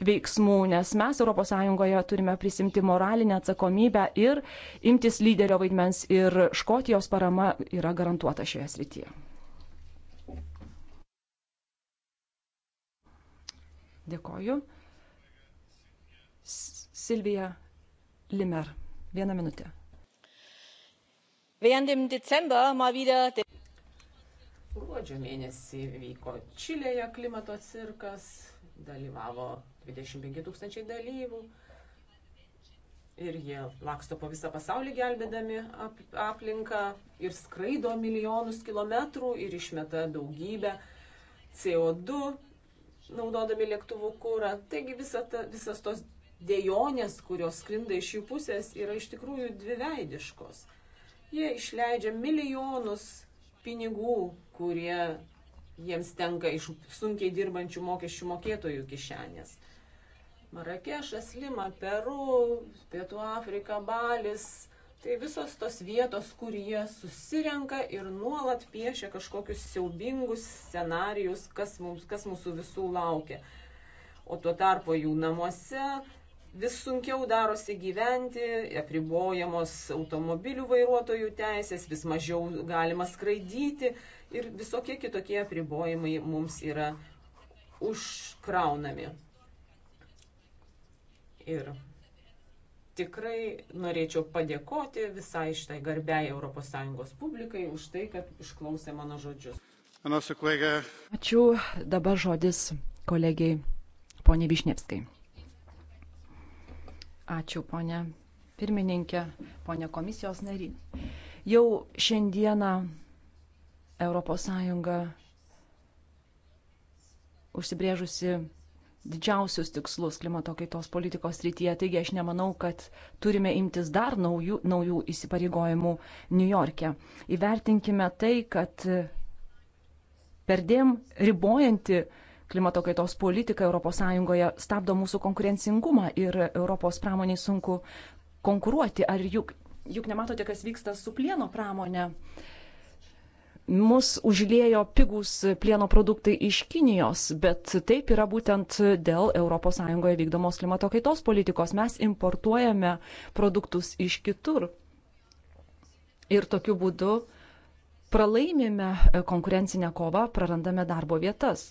veiksmų, nes mes ES turime prisimti moralinę atsakomybę ir imtis lyderio vaidmens ir Škotijos parama yra garantuota šioje srityje. Dėkoju. Silvija Limer. Vieną minutę. Gruodžio mėnesį vyko Čilėje klimato cirkas, dalyvavo 25 tūkstančiai dalyvių. Ir jie laksto po visą pasaulį gelbėdami ap aplinką ir skraido milijonus kilometrų ir išmeta daugybę CO2 naudodami lėktuvų kūrą. Taigi visa ta, visas tos dėjonės, kurios sklinda iš jų pusės, yra iš tikrųjų dviveidiškos. Jie išleidžia milijonus pinigų, kurie jiems tenka iš sunkiai dirbančių mokesčių mokėtojų kišenės. Marakešas, Lima, Peru, Pietų Afrika, Balis. Tai visos tos vietos, kur jie susirenka ir nuolat piešia kažkokius siaubingus scenarius, kas, mums, kas mūsų visų laukia. O tuo tarpu jų namuose vis sunkiau darosi gyventi, apribojamos automobilių vairuotojų teisės, vis mažiau galima skraidyti ir visokie kitokie apribojimai mums yra užkraunami ir tikrai norėčiau padėkoti visai šitai garbiai ES publikai už tai, kad išklausė mano žodžius. Ačiū. Dabar žodis kolegiai ponė Višnevskai. Ačiū, ponė pirmininkė, ponė komisijos nary. Jau šiandieną ES užsibrėžusi didžiausius tikslus klimato kaitos politikos rytyje. Taigi aš nemanau, kad turime imtis dar naujų, naujų įsipareigojimų New York'e. Įvertinkime tai, kad perdėm ribojanti klimato kaitos politika ES stabdo mūsų konkurencingumą ir Europos pramoniai sunku konkuruoti. Ar juk, juk nematote, kas vyksta su plieno pramonė? Uh, mus užliejo pigus plieno produktai iš Kinijos, bet taip yra būtent dėl ES vykdomos klimato kaitos politikos. Mes importuojame produktus iš kitur ir tokiu būdu pralaimime konkurencinę kovą, prarandame darbo vietas.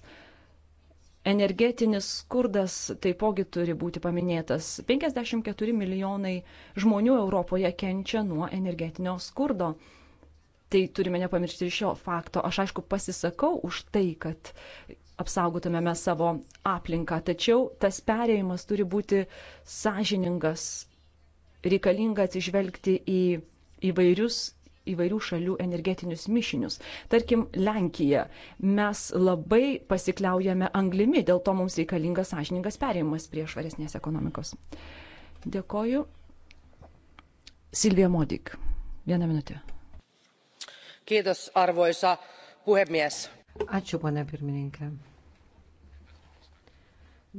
Energetinis skurdas taipogi turi būti paminėtas. 54 milijonai žmonių Europoje kenčia nuo energetinio skurdo. Tai turime nepamiršti ir šio fakto. Aš aišku pasisakau už tai, kad apsaugotumėme savo aplinką, tačiau tas perėjimas turi būti sąžiningas, reikalinga atsižvelgti į įvairius įvairių šalių energetinius mišinius. Tarkim, Lenkija. Mes labai pasikliaujame anglimi, dėl to mums reikalingas sąžiningas perėjimas prie švaresnės ekonomikos. Dėkoju. Silvija Modik. Vieną minutę. Kiitos, arvoisa puhemies. Ačiū, pane pirmininkė.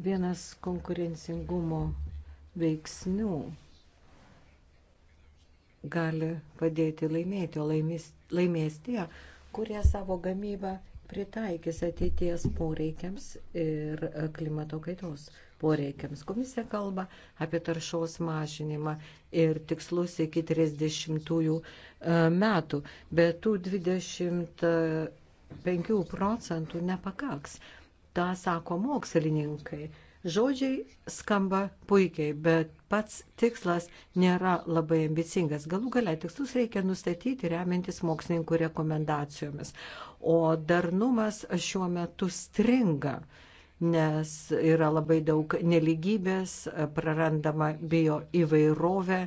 Vienas konkurencingumo veiksnių gali padėti laimėti, o laimės, laimės tie, kurie savo gamybą pritaikys ateities poreikiams ir klimato kaitos poreikiams. Komisija kalba apie taršaus mažinimą ir tikslus iki 30 e, metų, bet tų 25 e, procentų nepakaks. Ta sako mokslininkai. Žodžiai skamba puikiai, bet pats tikslas nėra labai ambicingas. Galų galia tikslus reikia nustatyti remiantis mokslininkų rekomendacijomis. O darnumas šiuo metu stringa. Uh, nes yra labai daug neligybės, prarandama bio įvairovė,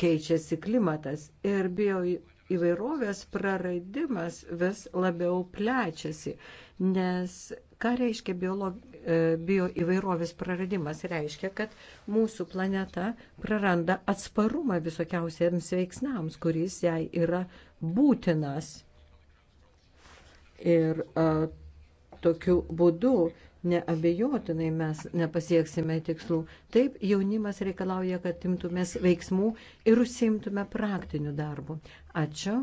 keičiasi klimatas ir bio įvairovės praradimas vis labiau plečiasi, nes ką reiškia e, bioįvairovės bio praradimas? Reiškia, kad mūsų planeta praranda atsparumą visokiausiems veiksnams, kuris jai yra būtinas. Ir uh, Tokiu būdu neabejotinai mes nepasieksime tikslų. Taip jaunimas reikalauja, kad imtumės veiksmų ir užsimtume praktiniu darbu. Ačiū.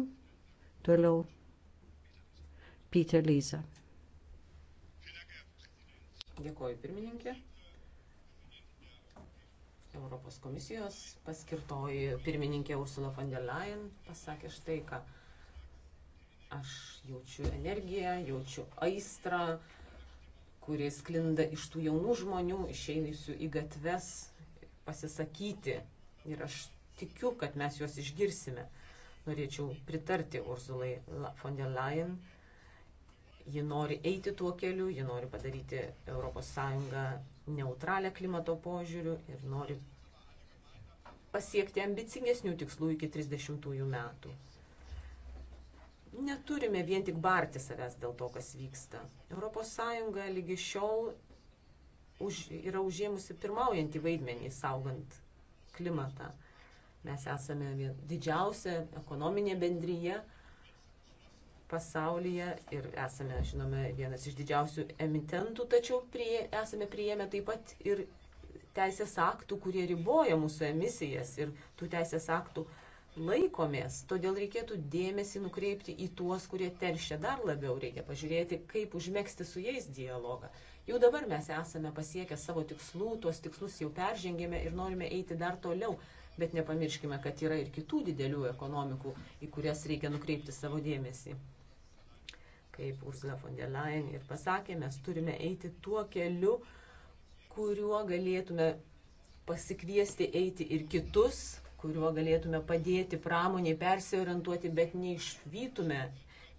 Toliau. Peter Lyza. Dėkoju pirmininkė. Europos komisijos paskirtoji pirmininkė Ursula von der Leyen pasakė štai ką. Aš jaučiu energiją, jaučiu aistrą, kurie sklinda iš tų jaunų žmonių, išeinusių į gatves pasisakyti. Ir aš tikiu, kad mes juos išgirsime. Norėčiau pritarti Ursulai von der Leyen. Ji nori eiti tuo keliu, ji nori padaryti ES neutralią klimato požiūrių ir nori pasiekti ambicingesnių tikslų iki 30 metų neturime vien tik barti savęs dėl to, kas vyksta. ES lygi šiol už, yra užėmusi pirmaujantį vaidmenį saugant klimatą. Mes esame didžiausia ekonominė bendryje pasaulyje ir esame, žinome, vienas iš didžiausių emitentų, tačiau prie, esame prieėmę taip pat ir teisės aktų, kurie riboja mūsų emisijas ir tų teisės aktų laikomės, todėl reikėtų dėmesį nukreipti į tuos, kurie teršia dar labiau, reikia pažiūrėti, kaip užmėgsti su jais dialogą. Jau dabar mes esame pasiekę savo tikslų, tuos tikslus jau peržengėme ir norime eiti dar toliau, bet nepamirškime, kad yra ir kitų didelių ekonomikų, į kurias reikia nukreipti savo dėmesį. Kaip Ursula von der Leyen ir pasakė, mes turime eiti tuo keliu, kuriuo galėtume pasikviesti eiti ir kitus kuriuo galėtume padėti pramoniai persiorientuoti, bet neišvytume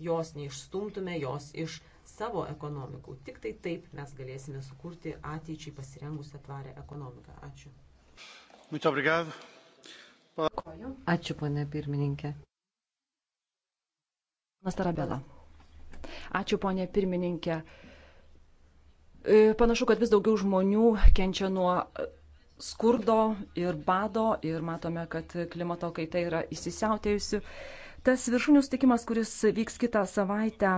jos, neišstumtume jos iš savo ekonomikų. Tik tai taip mes galėsime sukurti ateičiai pasirengusią tvarę ekonomiką. Ačiū. Ačiū, ponė pirmininkė. Mastarabela. Ačiū, ponė pirmininkė. E, panašu, kad vis daugiau žmonių kenčia nuo skurdo ir bado ir matome, kad klimato kaita yra įsisiautėjusi. Tas viršūnių stikimas, kuris vyks kitą savaitę,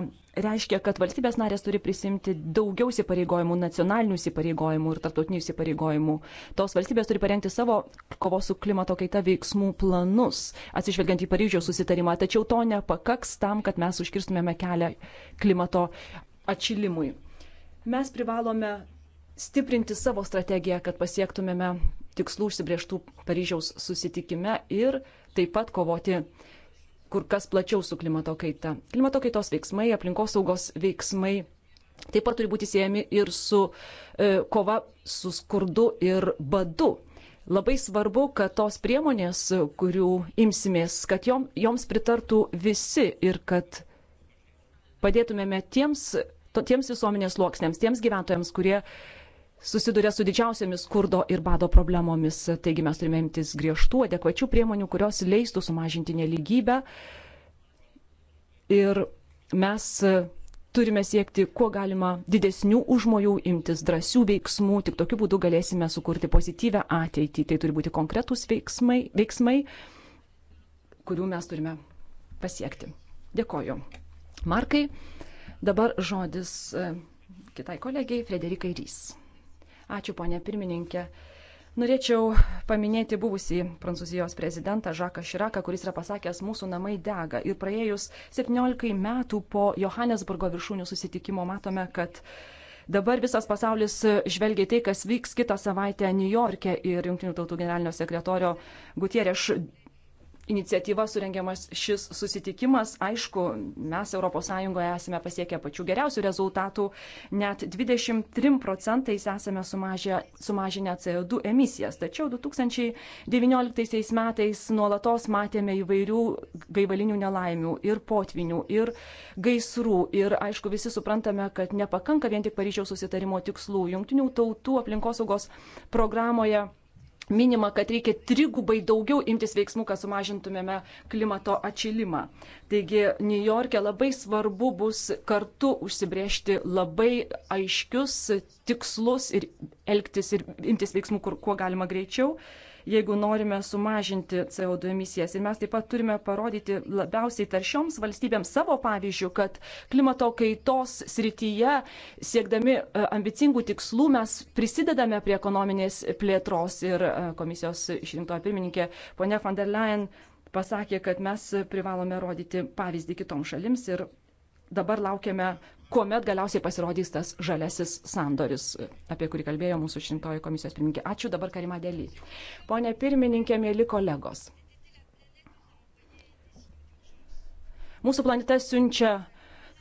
reiškia, kad valstybės narės turi prisimti daugiau įsipareigojimų, nacionalinių įsipareigojimų ir tarptautinių įsipareigojimų. Tos valstybės turi parengti savo kovos su klimato kaita veiksmų planus, atsižvelgiant į Paryžiaus susitarimą, tačiau to nepakaks tam, kad mes užkirstumėme kelią klimato atšilimui. Mes privalome stiprinti savo strategiją, kad pasiektumėme tikslų užsibrieštų Paryžiaus susitikime ir taip pat kovoti kur kas plačiau su klimato kaita. Klimato kaitos veiksmai, aplinkosaugos veiksmai taip pat turi būti siejami ir su e, kova su skurdu ir badu. Labai svarbu, kad tos priemonės, kurių imsimės, kad jom, joms pritartų visi ir kad padėtumėme tiems, to, tiems visuomenės sluoksniams, tiems gyventojams, kurie susiduria su didžiausiamis skurdo ir bado problemomis. Taigi mes turime imtis griežtų, adekvačių priemonių, kurios leistų sumažinti neligybę. Ir mes turime siekti kuo galima didesnių užmojų, imtis drąsių veiksmų, tik tokiu būdu galėsime sukurti pozityvę ateitį. Tai turi būti konkretūs veiksmai, veiksmai kurių mes turime pasiekti. Dėkoju. Markai, dabar žodis e, kitai kolegijai Frederikai Rys. Ačiū, ponė pirmininkė. Norėčiau paminėti buvusį prancūzijos prezidentą Žaką Širaką, kuris yra pasakęs, mūsų namai dega. Ir praėjus 17 metų po Johannesburgo viršūnių susitikimo matome, kad Dabar visas pasaulis žvelgia į tai, kas vyks kitą savaitę Niujorke ir Junktinių tautų generalinio sekretorio Gutierėš iniciatyva surengiamas šis susitikimas. Aišku, mes ES esame pasiekę pačių geriausių rezultatų, net 23 procentais esame sumažę, sumažinę CO2 emisijas. Tačiau 2019 metais nuolatos matėme įvairių gaivalinių nelaimių ir potvinių, ir gaisrų. Ir aišku, visi suprantame, kad nepakanka vien tik Paryžiaus susitarimo tikslų. Jungtinių tautų aplinkosaugos programoje minima, kad reikia trigubai daugiau imtis veiksmų, kad sumažintumėme klimato atšilimą. Taigi, New York'e labai svarbu bus kartu užsibriežti labai aiškius tikslus ir elgtis ir imtis veiksmų, kur, kuo galima greičiau. Uh, jeigu norime sumažinti CO2 emisijas. Ir mes taip pat turime parodyti labiausiai taršioms valstybėms savo pavyzdžių, kad klimato kaitos srityje, siekdami e, ambicingų tikslų, mes prisidedame prie ekonominės plėtros. Ir e, komisijos išrinktoja pirmininkė ponia van der Leyen pasakė, kad mes privalome rodyti pavyzdį kitoms šalims ir dabar laukiame kuomet galiausiai pasirodys tas žalesis sandoris, apie kurį kalbėjo mūsų šimtoji komisijos pirmininkė. Ačiū dabar Karima Dėly. Pone pirmininkė, mėly kolegos. Mūsų planeta siunčia,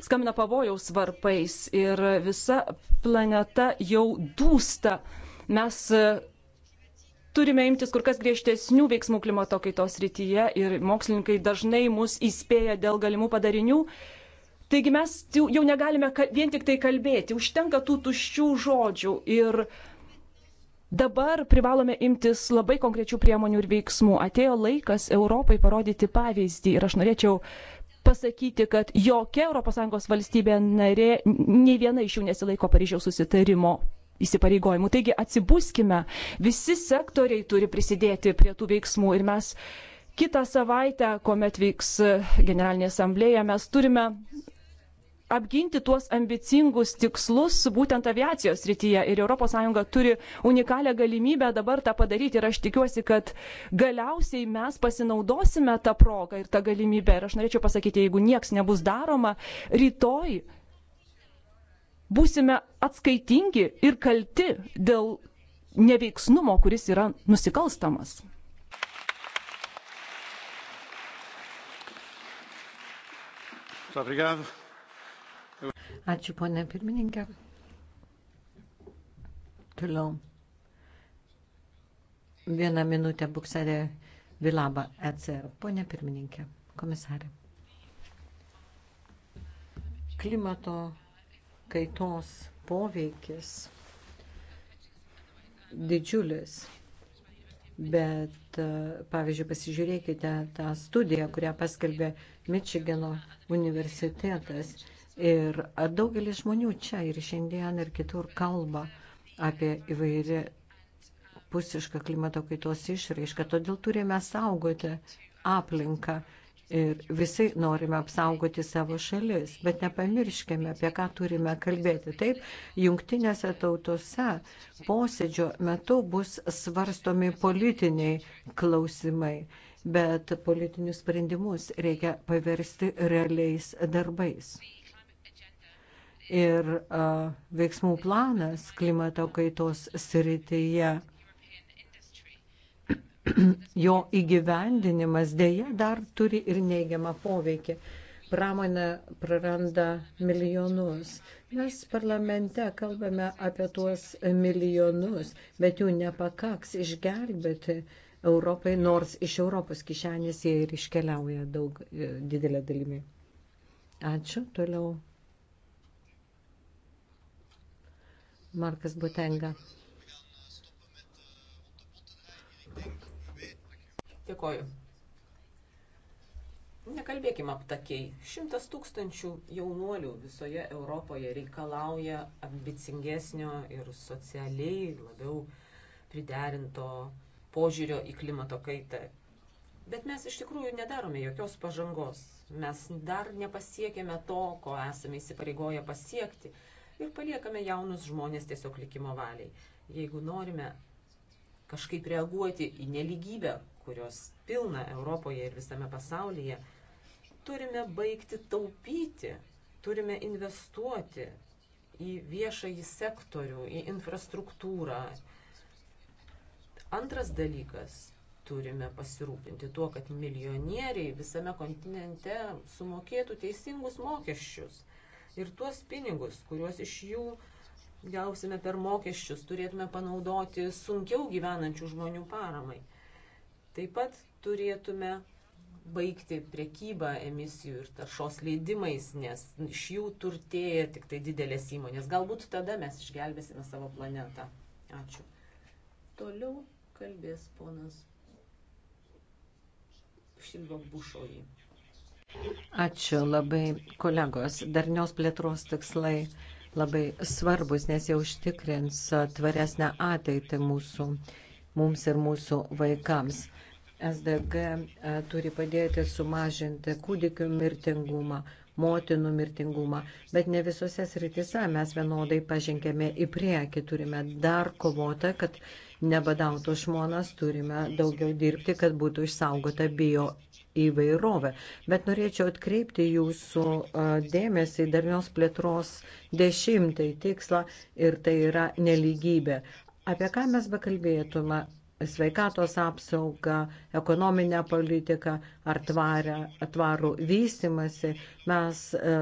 skamina pavojaus varpais ir visa planeta jau dūsta. Mes e, turime imtis kur kas griežtesnių veiksmų klimato kaitos rytyje ir mokslininkai dažnai mus įspėja dėl galimų padarinių Taigi mes jau negalime vien tik tai kalbėti, užtenka tų tuščių žodžių ir dabar privalome imtis labai konkrečių priemonių ir veiksmų. Atėjo laikas Europai parodyti pavyzdį ir aš norėčiau pasakyti, kad jokia ES valstybė narė, nei viena iš jų nesilaiko Paryžiaus susitarimo įsipareigojimų. Taigi atsibuskime, visi sektoriai turi prisidėti prie tų veiksmų ir mes kitą savaitę, kuomet vyks Generalinė asamblėja, mes turime apginti tuos ambicingus tikslus būtent aviacijos srityje ir ES turi unikalią galimybę dabar tą padaryti ir aš tikiuosi, kad galiausiai mes pasinaudosime tą progą ir tą galimybę ir aš norėčiau pasakyti, jeigu nieks nebus daroma, rytoj būsime atskaitingi ir kalti dėl neveiksnumo, kuris yra nusikalstamas. Obrigado. Ačiū, ponė pirmininkė. Toliau. Vieną minutę bukserė Vilaba ECR. Ponė pirmininkė, komisarė. Klimato kaitos poveikis didžiulis. Bet, pavyzdžiui, pasižiūrėkite tą studiją, kurią paskelbė Mičigano universitetas Ir daugelis žmonių čia ir šiandien ir kitur kalba apie įvairią pusišką klimato kaitos išraišką. Todėl turime saugoti aplinką ir visi norime apsaugoti savo šalis. Bet nepamirškime, apie ką turime kalbėti. Taip, jungtinėse tautose posėdžio metu bus svarstomi politiniai klausimai bet politinius sprendimus reikia paversti realiais darbais ir uh, veiksmų planas klimato kaitos srityje. Jo įgyvendinimas dėja dar turi ir neigiamą poveikį. Pramonė praranda milijonus. Mes parlamente kalbame apie tuos milijonus, bet jų nepakaks išgelbėti Europai, nors iš Europos kišenės jie ir iškeliauja daug e, didelę dalimi. Ačiū. Toliau Markas Butenga. Dėkoju. Nekalbėkime aptakiai. Šimtas tūkstančių jaunuolių visoje Europoje reikalauja ambicingesnio ir socialiai labiau priderinto požiūrio į klimato kaitą. Bet mes iš tikrųjų nedarome jokios pažangos. Mes dar nepasiekėme to, ko esame įsipareigoję pasiekti ir paliekame jaunus žmonės tiesiog likimo valiai. Jeigu norime kažkaip reaguoti į neligybę, kurios pilna Europoje ir visame pasaulyje, turime baigti taupyti, turime investuoti į viešąjį sektorių, į infrastruktūrą. Antras dalykas turime pasirūpinti tuo, kad milijonieriai visame kontinente sumokėtų teisingus mokesčius. Ir tuos pinigus, kuriuos iš jų gausime per mokesčius, turėtume panaudoti sunkiau gyvenančių žmonių paramai. Taip pat turėtume baigti priekybą emisijų ir taršos leidimais, nes iš jų turtėja tik tai didelės įmonės. Galbūt tada mes išgelbėsime savo planetą. Ačiū. Toliau kalbės ponas Šilvo Bušojai. Ačiū labai, kolegos. Darnios plėtros tikslai labai svarbus, nes jie užtikrins tvaresnę ateitį mūsų, mums ir mūsų vaikams. SDG e, turi padėti sumažinti kūdikių mirtingumą, motinų mirtingumą, bet ne visose sritise mes vienodai pažengėme į priekį, turime dar kovoti, kad nebadautų žmonas, turime daugiau dirbti, kad būtų išsaugota bio įvairovę. Bet norėčiau atkreipti jūsų dėmesį į darnios plėtros dešimtai tikslą ir tai yra neligybė. Apie ką mes bekalbėtume? sveikatos apsaugą, ekonominę politiką ar tvarę, tvarų vystimasi, mes e,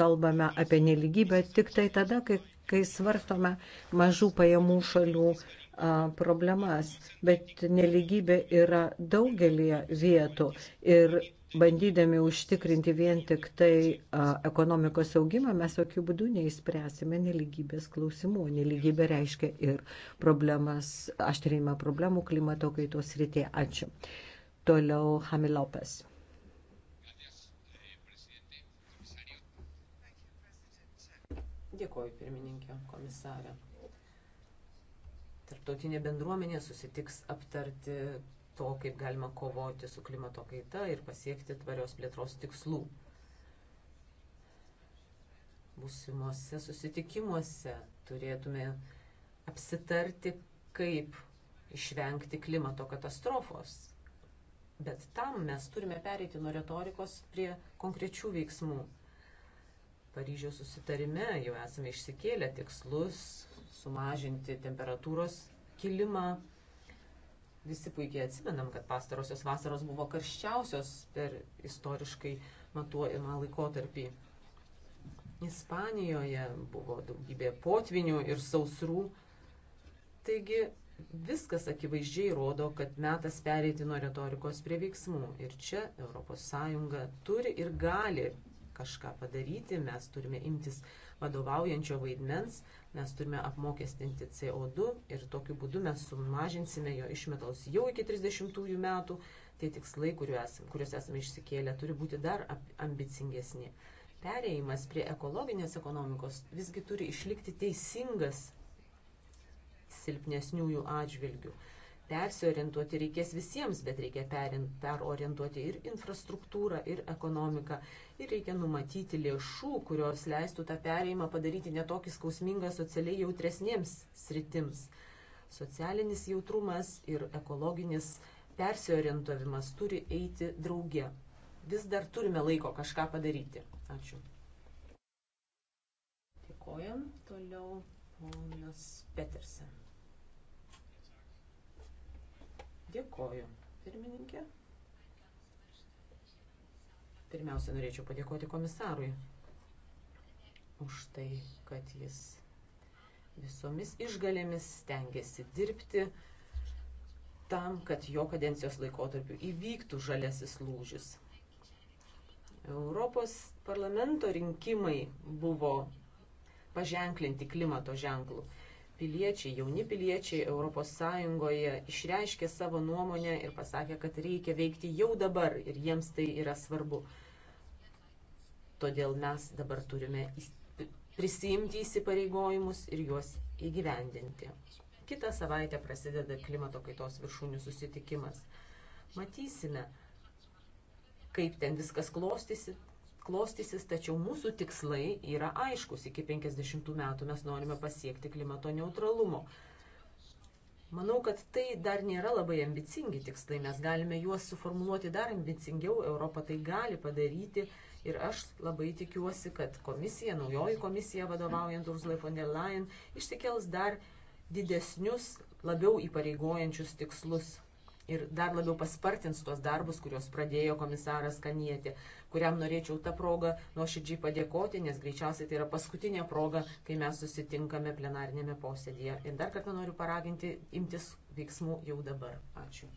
kalbame apie neligybę tik tai tada, kai kai svarstome mažų pajamų šalių problemas, bet neligybė yra daugelie vietų ir bandydami užtikrinti vien tik tai a, ekonomikos augimą, mes jokių būdų neįspręsime neligybės klausimų. Neligybė reiškia ir problemas, aštrėjimą problemų klimato kaitos rytėje. Ačiū. Toliau Hamilopas. Dėkuoju, pirmininkė, komisarė tarptautinė bendruomenė susitiks aptarti to, kaip galima kovoti su klimato kaita ir pasiekti tvarios plėtros tikslų. Būsimuose susitikimuose turėtume apsitarti, kaip išvengti klimato katastrofos. Bet tam mes turime pereiti nuo retorikos prie konkrečių veiksmų. Paryžiaus susitarime jau esame išsikėlę tikslus sumažinti temperatūros kilimą. Visi puikiai atsimenam, kad pastarosios vasaros buvo karščiausios per istoriškai matuojamą laikotarpį. Ispanijoje buvo daugybė potvinių ir sausrų. Taigi viskas akivaizdžiai rodo, kad metas pereiti nuo retorikos prie veiksmų. Ir čia ES turi ir gali kažką padaryti, mes turime imtis vadovaujančio vaidmens, mes turime apmokestinti CO2 ir tokiu būdu mes sumažinsime jo išmetalus jau iki 30 metų. Tai tikslai, kuriuos esame išsikėlę, turi būti dar ambicingesni. Pereimas prie ekologinės ekonomikos visgi turi išlikti teisingas silpnesniųjų atžvilgių persiorientuoti reikės visiems, bet reikia perorientuoti ir infrastruktūrą, ir ekonomiką. Ir reikia numatyti lėšų, kurios leistų tą perėjimą padaryti netokį skausmingą socialiai jautresniems sritims. Socialinis jautrumas ir ekologinis persiorientavimas turi eiti drauge. Vis dar turime laiko kažką padaryti. Ačiū. Dėkojam. Toliau ponas Petersen. Dėkoju, pirmininkė. Pirmiausia, norėčiau padėkoti komisarui už tai, kad jis visomis išgalėmis stengiasi dirbti tam, kad jo kadencijos laikotarpiu įvyktų žalesis lūžis. Europos parlamento rinkimai buvo paženklinti klimato ženklų piliečiai, jauni piliečiai ES išreiškė savo nuomonę ir pasakė, kad reikia veikti jau dabar ir jiems tai yra svarbu. Todėl mes dabar turime prisimti įsipareigojimus ir juos įgyvendinti. Kita savaitė prasideda klimato kaitos viršūnių susitikimas. Matysime, kaip ten viskas klostysi, klostysis, tačiau mūsų tikslai yra aiškus. Iki 50 metų mes norime pasiekti klimato neutralumo. Manau, kad tai dar nėra labai ambicingi tikslai, mes galime juos suformuoluoti dar ambicingiau, Europa tai gali padaryti ir aš labai tikiuosi, kad komisija, naujoji komisija vadovaujant Ursula von der Leyen išsikels dar didesnius, labiau įpareigojančius tikslus ir dar labiau paspartins tuos darbus, kuriuos pradėjo komisaras Kanietė, kuriam norėčiau tą progą nuoširdžiai padėkoti, nes greičiausiai tai yra paskutinė proga, kai mes susitinkame plenarinėme posėdėje. Ir dar kartą noriu paraginti imtis veiksmų jau dabar. Ačiū.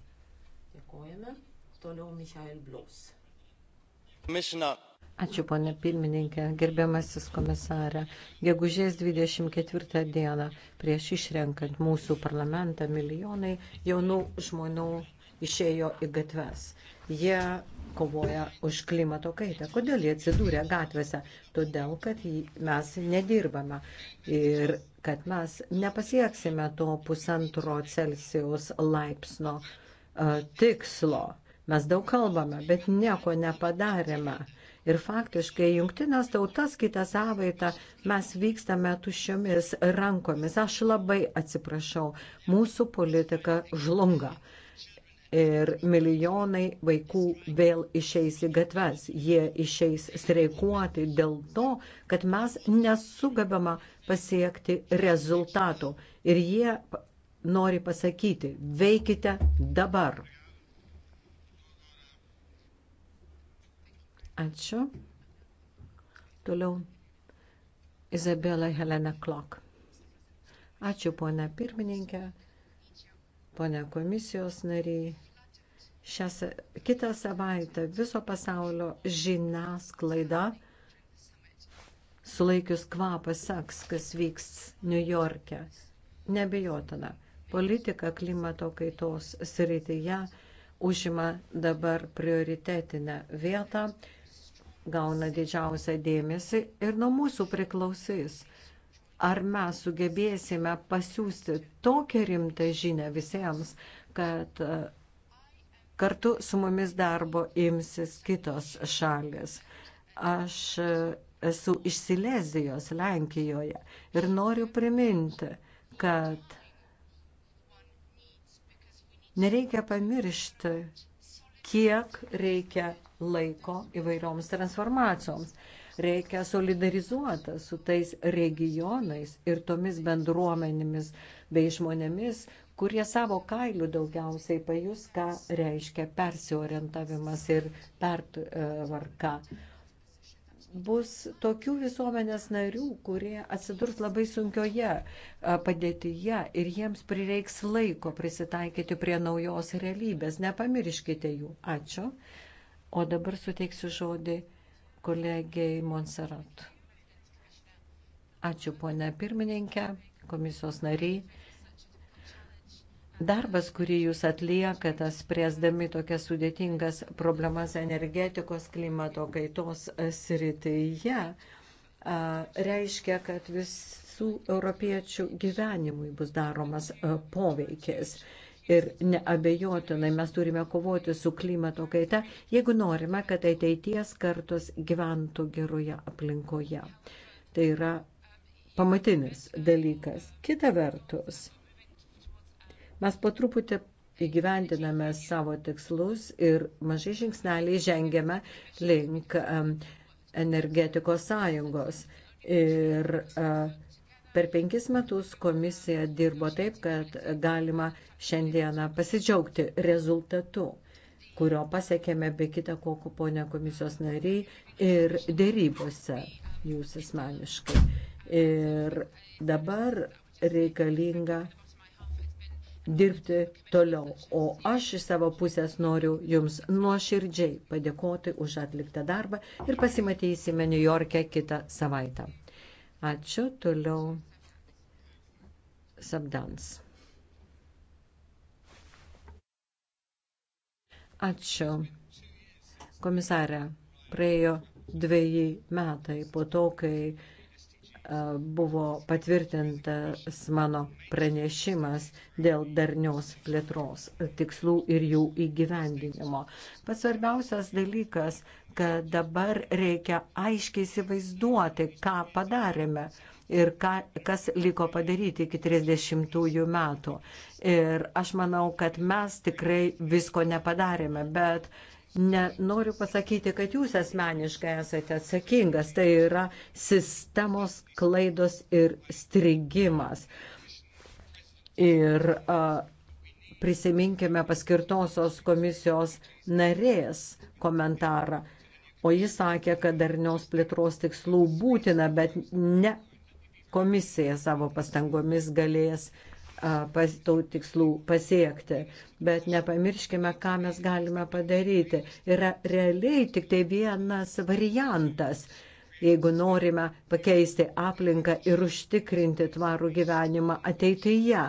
Dėkojame. Toliau Michael Blaus. Commissioner, Ačiū, ponė pirmininkė, gerbiamasis komisarė. Gegužės 24 dieną prieš išrenkant mūsų parlamentą milijonai jaunų žmonių išėjo į gatves. Jie kovoja už klimato kaitą. Kodėl jie atsidūrė gatvėse? Todėl, kad mes nedirbame ir kad mes nepasieksime to pusantro Celsijos laipsnio e, tikslo. Mes daug kalbame, bet nieko nepadarėme. Ir faktiškai jungtinės tautas kitą savaitę mes vykstame tuščiomis rankomis. Aš labai atsiprašau, mūsų politika žlunga. Ir milijonai vaikų vėl išeis į gatves. Jie išeis streikuoti dėl to, kad mes nesugebama pasiekti rezultatų. Ir jie nori pasakyti, veikite dabar. Ačiū. Toliau Izabela Helena Klok. Ačiū, ponia pirmininkė, ponia komisijos nariai. Šią, kitą savaitę viso pasaulio žiniasklaida sulaikius kvapą seks, kas vyks New York'e. Nebejotina, politika klimato kaitos srityje užima dabar prioritetinę vietą gauna didžiausią dėmesį ir nuo mūsų priklausys. Ar mes sugebėsime pasiūsti tokią rimtą žinę visiems, kad e, kartu su mumis darbo imsis kitos šalis. Aš e, esu iš Silezijos, Lenkijoje ir noriu priminti, kad nereikia pamiršti, kiek reikia laiko įvairioms transformacijoms. Reikia solidarizuota su tais regionais ir tomis bendruomenėmis bei žmonėmis, kurie savo kailių daugiausiai pajus, ką reiškia persiorientavimas ir pertvarka. Bus tokių visuomenės narių, kurie atsidurs labai sunkioje padėtyje ir jiems prireiks laiko prisitaikyti prie naujos realybės. Nepamirškite jų. Ačiū. O dabar suteiksiu žodį kolegiai Monserrat. Ačiū, ponia pirmininkė, komisijos nariai. Darbas, kurį jūs atliekate, spręsdami tokias sudėtingas problemas energetikos, klimato kaitos srityje, reiškia, kad visų europiečių gyvenimui bus daromas poveikis. Ir neabejotinai mes turime kovoti su klimato kaita, jeigu norime, kad ateities kartos gyventų geroje aplinkoje. Tai yra pamatinis dalykas. Kita vertus, mes po truputį įgyvendiname savo tikslus ir mažai žingsneliai žengiame link energetikos sąjungos. Ir uh, Per penkis metus komisija dirbo taip, kad galima šiandieną pasidžiaugti rezultatu, kurio pasiekėme be kita ko kuponė komisijos nariai ir dėrybose jūs asmeniškai. Ir dabar reikalinga dirbti toliau. O aš iš savo pusės noriu Jums nuoširdžiai padėkoti už atliktą darbą ir pasimatysime New York'e kitą savaitę. Ačiū. Toliau Sabdans. Ačiū. Komisarė, praėjo dviejai metai po to, kai E, buvo patvirtintas mano pranešimas dėl darnios plėtros tikslų ir jų įgyvendinimo. Pats svarbiausias dalykas, kad dabar reikia aiškiai įsivaizduoti, ką padarėme ir ką, kas liko padaryti iki 30 metų. Ir aš manau, kad mes tikrai visko nepadarėme, bet Ne, noriu pasakyti, kad jūs asmeniškai esate atsakingas, tai yra sistemos klaidos ir strigimas. Ir a, prisiminkime paskirtosios komisijos narės komentarą, o jis sakė, kad darnios plėtros tikslų būtina, bet ne komisija savo pastangomis galės uh, pas, tų tikslų pasiekti. Bet nepamirškime, ką mes galime padaryti. Yra realiai tik tai vienas variantas jeigu norime pakeisti aplinką ir užtikrinti tvarų gyvenimą ateityje.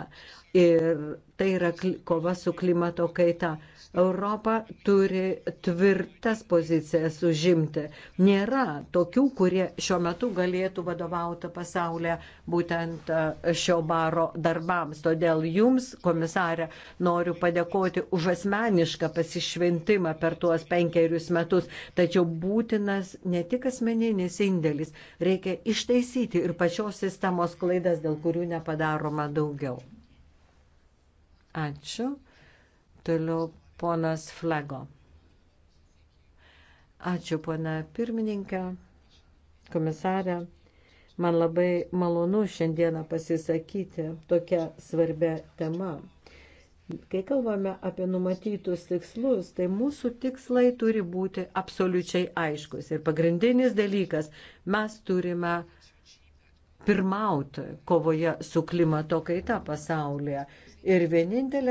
Ir tai yra kova su klimato kaita. Europa turi tvirtas pozicijas užimti. Nėra tokių, kurie šiuo metu galėtų vadovauti pasaulyje būtent e, šio baro darbams. Todėl jums, komisarė, noriu padėkoti už asmenišką pasišventimą per tuos penkerius metus. Tačiau būtinas ne tik asmeninis indėlis, reikia ištaisyti ir pačios sistemos klaidas, dėl kurių nepadaroma daugiau. Ačiū. Toliau ponas Flego. Ačiū, pone pirmininkė, komisarė. Man labai malonu šiandieną pasisakyti tokią svarbę temą. Kai kalbame apie numatytus tikslus, tai mūsų tikslai turi būti absoliučiai aiškus. Ir pagrindinis dalykas - mes turime pirmauti kovoje su klimato kaita pasaulyje. Ir vienintelė